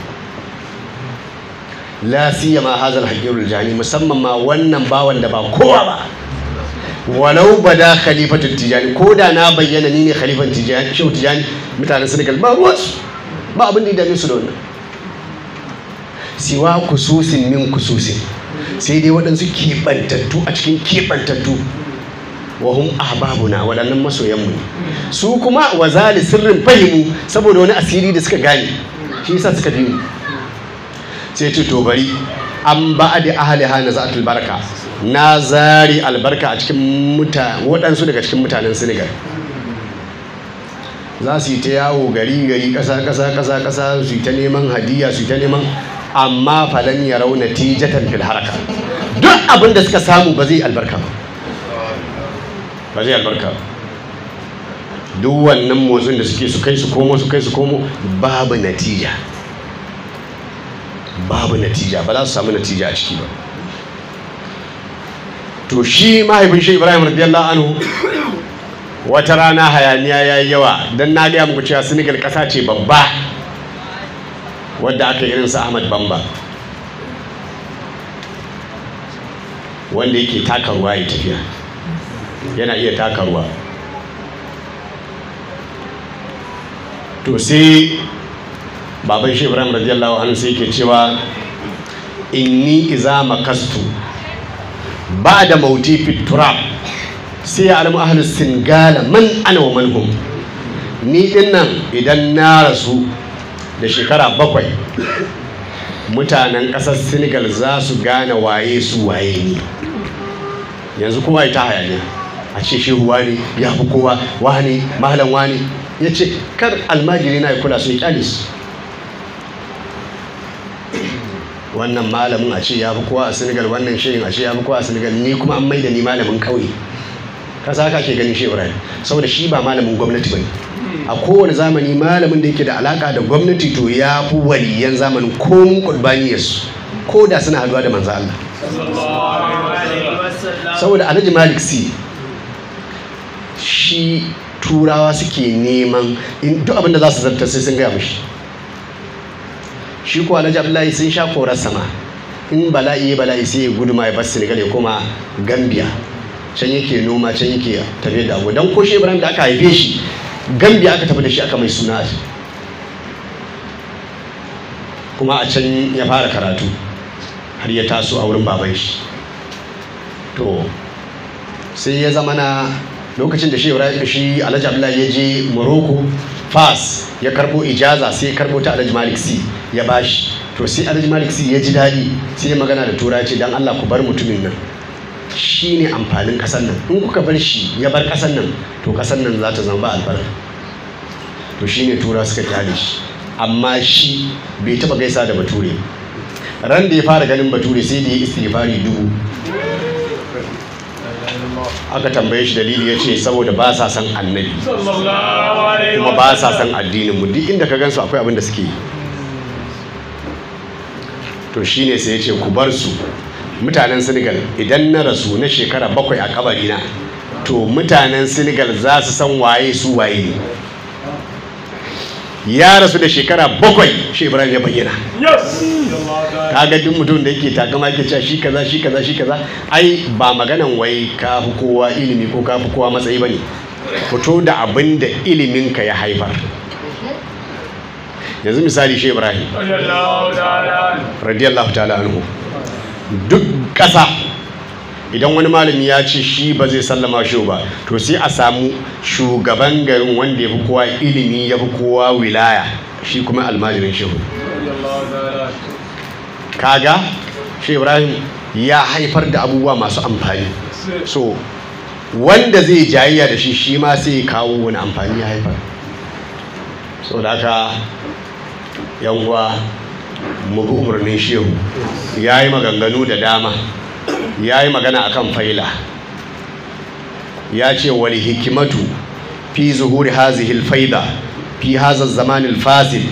la siyama hazal hakirul jani musamman ma wannan bawan da ba kowa ba walau ba da khalifatul tijani ko da na bayyana ni ne khalifan tijani tijani mutanen senegal ba ruwansu ba abin da ya dame su da wannan siwa kususin min kususin sai dai waɗansu keɓantattu a cikin keɓantattu wa hum na waɗannan masoyanmu su kuma wa zali sirrin fahimu saboda wani asiri da suka gane shi yasa suka bi mu sai ce to bari an ba da ahali hana za baraka na zari albarka a cikin mutane. waɗansu daga cikin mutanen senegal za su yi ta yawo gari gari ƙasa ƙasa ƙasa ƙasa su yi ta neman hadiya su yi ta neman amma falan ya rauna tijatan fil haraka duk abin da suka samu ba zai albarka ba ba zai albarka duk wannan motsin da suke su kai su komo su kai su komo babu natija babu natija ba za su samu natija a ciki ba to shi mahaifin shi ibrahim radiyallahu anhu wata rana hayaniya ya yi yawa don na gaya muku cewa senegal kasa ce babba wadda aka irin sa ahmad bamba wanda yake taka ruwa ya tafiya yana iya taka ruwa to sai baban shi ibrahim radiyallahu anhu sai yake cewa inni iza makastu ba da mauti fitura sai ya alamu ahlus singala man ana wa malhum ni dinnan idan na rasu da shekara bakwai mutanen ƙasar senegal za su gane waye su waye ne yanzu kuma ta hayaniya a ce shehu wani ya fi kowa wani malam wani ya ce kar almajiri na ya kula su ya wannan malamin a ce ya fi kowa a senegal wannan shehin a ce ya fi kowa a senegal ni kuma an maida ni malamin kauye kasa haka ke ganin shehu ibrahim saboda shi ba malamin gwamnati ba ne a kowane zamani malamin da yake da alaka da gwamnati to ya fi waliyan zamanin ko mun kurbaniyarsu ko da suna haduwa da manzo Allah saboda alhaji malik si shi turawa suke neman duk abinda za su zartar sai sun gaya mushi shi ko alhaji abdullahi sun sha korar sama in bala'i ya bala'i sai ya gudu ma ya bar senegal ya koma gambia can yake noma can yake tafiya da abu don ko shi ibrahim da aka haife shi gambi aka tafi da shi aka mai suna kuma a can ya fara karatu har ya taso a wurin baban shi to sai ya zama na lokacin da shi ya shi alhaji abdullahi ya je morocco fas ya karbo ijaza sai ya karbo ta alhaji malik si ya bashi to sai alhaji malik si ya ji daɗi sai ya magana da Turanci dan don allah ku bar mutumin nan Shi ne amfanin ƙasar nan in kuka bar shi ya bar ƙasar nan to ƙasar nan za ta zama ba albarka to shi ne tura suka kyale shi amma shi bai taɓa gaisa da bature ran da ya fara ganin bature sai da ya istighfari dubu aka tambaye shi dalili ya ce saboda ba sa san annabi kuma ba sa san addinin mu duk inda ka gansu akwai abin da suke yi to shine sai ya ce ku bar su mutanen senegal idan na rasu na shekara bakwai a kabarina to mutanen senegal za su san waye su waye ne ya rasu da shekara bakwai shi ibrahim ya bayyana kaga duk mutum da yake takama yake cewa shi kaza shi kaza shi kaza ai ba maganan wai ka fi kowa ilimi ko ka fi kowa matsayi bane fito da abin da iliminka ya haifar yanzu misali shi ibrahim radiyallahu ta'ala anhu duk ƙasa idan wani malami ya ce shi ba zai sallama shi ba to sai a samu shugaban garin wanda ya fi kowa ilimi ya fi kowa wilaya shi kuma almajirin shehu kaga shi ibrahim ya haifar da abubuwa masu amfani so wanda zai jayayya da shi shi ma sai kawo wani amfani ya haifar so da haka yan uwa muku umarnin shehu ya yi maganganu da dama ya yi magana akan faila ya ce wani hikimatu fi zuhuri hazihil faida fi hazar zamanin fasil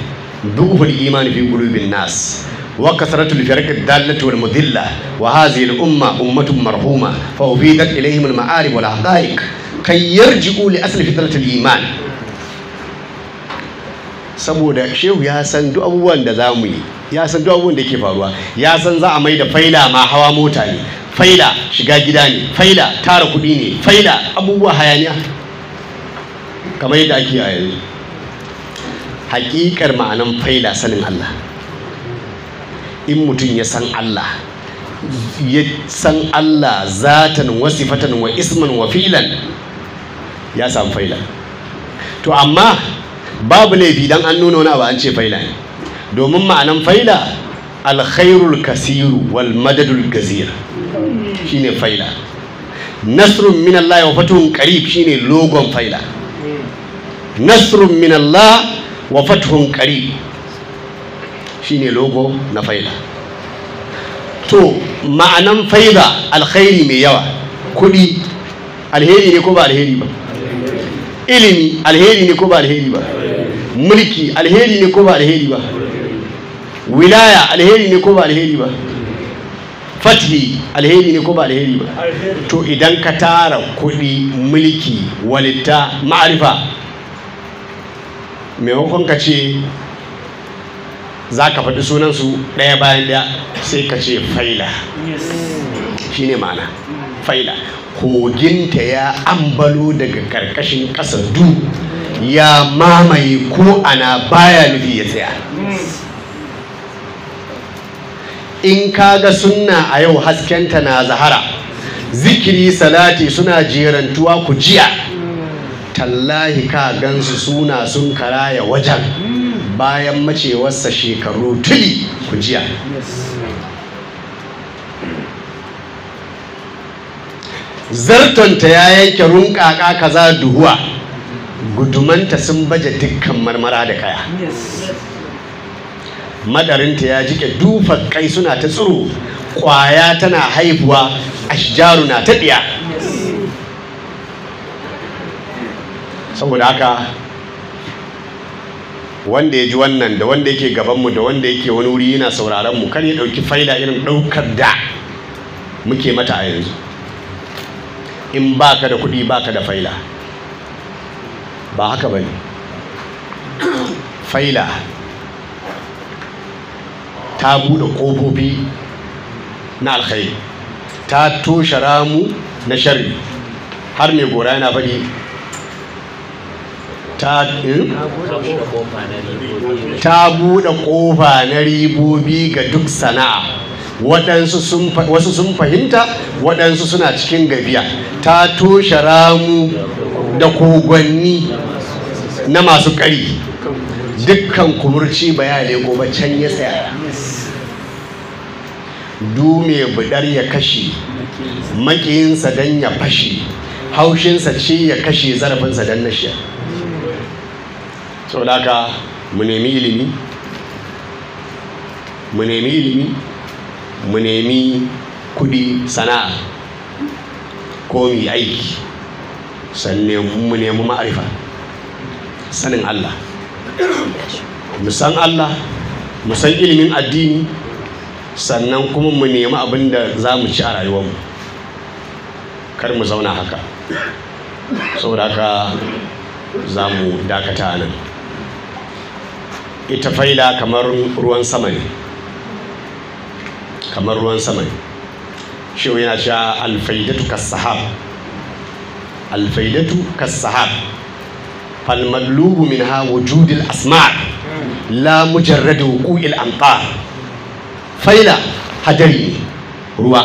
duhul imani fi gurubin nas wa kasaratul firqa dallatu wal mudilla wa hadhihi al umma ummatun marhuma fa ufidat ilayhim al ma'arib wal haqaiq kay yarji'u li asali fitratil iman saboda shehu ya san duk abubuwan da za mu yi ya san duk abubuwan da ke faruwa ya san za a mai da faila ma hawa mota ne faila shiga gida ne faila tara kuɗi ne faila abubuwa hayaniya kamar yadda ake a yanzu hakikar ma'anan faila sanin Allah in mutum ya san Allah ya san Allah zatan wasifatan wa isman wa filan ya samu faila to amma babu laifi dan an nuna wani abu an ce faila ne domin ma'anan faila alkhairul kasiru wal madadul gazir shine faila nasrun min Allah wa fatuhun qarib shine logon faila nasrun min Allah wa fatuhun qarib shine logo na faila to ma'anan faida alkhairi mai yawa kudi alheri ne ko ba alheri ba ilimi alheri ne ko ba alheri ba mulki alheri ne ko ba alheri ba wilaya alheri ne ko ba alheri ba fathi alheri ne ko ba alheri ba to idan ka tara kuɗi mulki walitta ma'arifa maimakon ka ce za ka faɗi sunansu ɗaya bayan ɗaya sai ka ce faila shi ne ma'ana faila koginta ya ambalo daga ƙarƙashin ƙasar du ya mamaye ko ana baya nufi ya tsaya in ka ga sunna a yau haskenta na zahara zikiri salati suna jerantuwa ku jiya tallahi ka gansu suna sun karaya wajen bayan macewarsa shekaru tuli ku jiya zartonta ya yanke runƙaƙa kaza duhuwa gudumanta sun baje dukkan marmara da kaya madarinta ya jike dufa kai suna ta tsiro kwaya tana haifuwa ashjaru na ta ɗiya saboda haka wanda ya ji wannan da wanda yake gabanmu da wanda yake wani wuri yana sauraron mu kar ya ɗauki faida irin ɗaukar da muke mata a yanzu in baka da kuɗi baka da faila. ba haka ba ne faila ta buɗe ƙofofi na alkhairi ta toshe ramu na shari har mai gora yana faɗi eh? ta buɗe ƙofa na ribobi ga duk sana'a wasu sun fahimta waɗansu suna cikin gabiya ta toshe ramu da kogonni. na masu ƙari dukkan kumurci ba ya leko ba can ya tsaya dume budar ya kashe makiyinsa dan ya fashe haushinsa ce ya kashe zarafinsa don na shiya sau mu nemi ilimi mu nemi ilimi mu nemi kudi sana'a ko mu aiki sannan mu nemi ma'arifa sanin Allah mu san Allah mu san ilimin addini sannan kuma mu nemi abin da za mu ci a rayuwarmu kar mu zauna haka saboda haka za mu dakata nan ita faila kamar ruwan sama ne kamar ruwan sama ne shi yana sha alfaidatu kasahab alfaidatu kasahab falmallubu min ha wujudil asma la mujarrad wuqu'il amtar faila hadari ruwa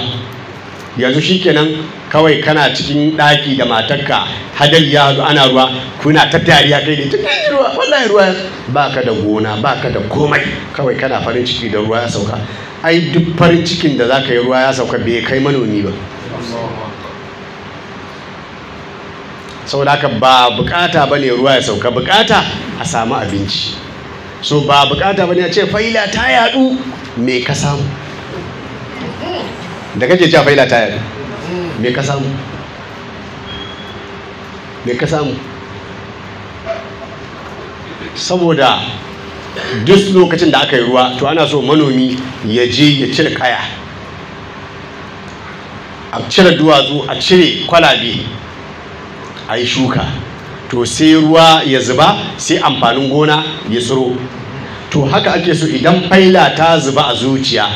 yanzu shikenan kawai kana cikin ɗaki da matarka hadari ya zo ana ruwa kuna ta dariya kai ne ruwa wallahi ruwa baka da gona baka da komai kawai kana farin ciki da ruwa ya sauka ai duk farin cikin da ka yi ruwa ya sauka bai kai manomi ba saboda haka ba bukata bane ruwa ya sauka bukata a samu abinci so ba bukata bane a ce faila ta yadu me ka samu da kake cewa faila ta yadu me ka samu me ka samu saboda duk lokacin da aka yi ruwa to ana so manomi ya je ya cire kaya a cire duwatsu a cire kwalabe a shuka to sai ruwa ya zuba sai amfanin gona ya tsiro to haka ake so idan faila ta zuba a zuciya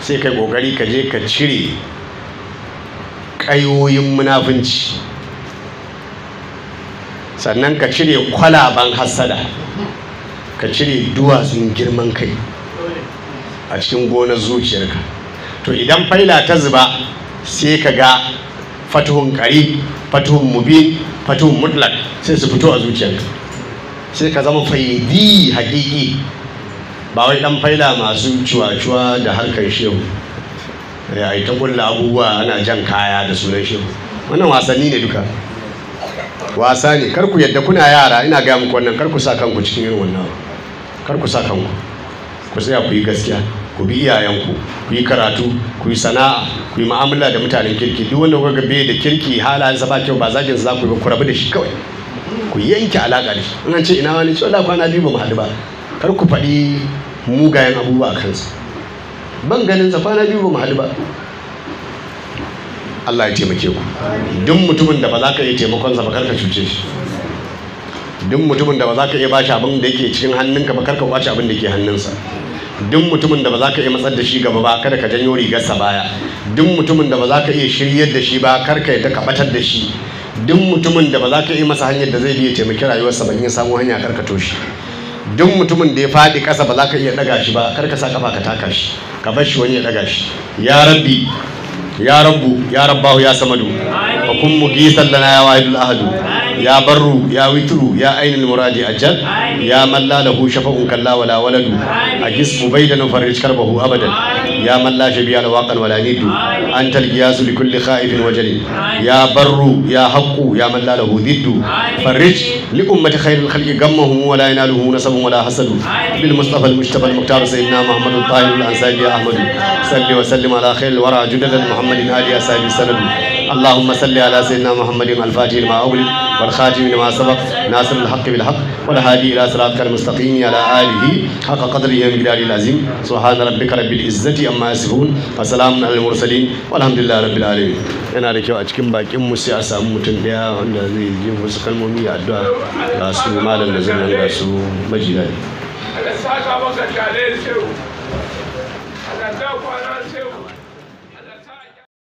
sai kai kokari ka je ka cire ƙayoyin munafunci sannan ka cire kwalaban hassada ka cire duwatsun girman kai a cikin gonar zuciyarka to idan faila ta zuba sai ka ga fatuhun ƙari fatuhun mubin fatuhun mutlak sai su fito a zuciyarka sai ka zama faidi hakiki ba wai dan faida masu cuwa-cuwa da harkar shehu ya eh, yi ta abubuwa ana jan kaya da sunan shehu wannan wasanni ne duka wasa ne kar yadda kuna yara ina gaya muku wannan kar sa kanku cikin irin wannan kar sa kanku ku tsaya ku yi gaskiya ku bi iyayenku ku yi karatu ku yi sana'a ku yi mu'amala da mutanen kirki duk wanda kuka bai da kirki halayensa ba kyau ba zagin za ku yi ku rabu da shi kawai ku yanke alaka da shi in an ce ina wani ce wala kwana biyu ba mu haɗu ba kar ku faɗi mugayen abubuwa a kansa ban ganin sa kwana biyu ba mu haɗu ba Allah ya taimake ku duk mutumin da ba za ka iya taimakon sa ba karka cuce shi duk mutumin da ba za ka iya bashi abin da yake cikin hannunka ba karka kwace abin da yake hannunsa duk mutumin da ba za ka iya matsar da shi gaba ba kada ka janyo rigarsa baya duk mutumin da ba za ka iya shiryar da shi ba kar ka yadda ka batar da shi duk mutumin da ba za ka iya masa hanyar da zai biya taimaki rayuwarsa ba in samu hanya kar ka toshi duk mutumin da ya faɗi ƙasa ba za ka iya ɗaga shi ba kar ka sa kafa ka taka shi ka bar shi wani ya ɗaga shi ya rabbi ya rabbu ya rabbahu ya samadu fa kun mugisan lana ya wahidul ahadu ya barru ya witru ya aina muradi ajal ya man la lahu shafa'un kalla wala waladu ajis mubaidan farij karbahu abadan ya man la shabiya la wala nidu anta al-qiyasu li kulli khaifin ya barru ya haqqu ya man la lahu diddu farij li ummati khairil khalqi gammahum wala yanaluhu nasabun wala hasadu bil mustafa al اللهم صل على سيدنا محمد الفاتح ما أغلق والخاتم لما سبق ناصر الحق بالحق والهادي إلى صراط المستقيم على آله حق قدره ومقداره العظيم سبحان ربك رب العزة عما يصفون وسلام على المرسلين والحمد لله رب العالمين انا da kyau a cikin bakin mu sai a samu mutum daya wanda zai yi wasu kalmomi a addu'a ga su malam da zai ga su majidai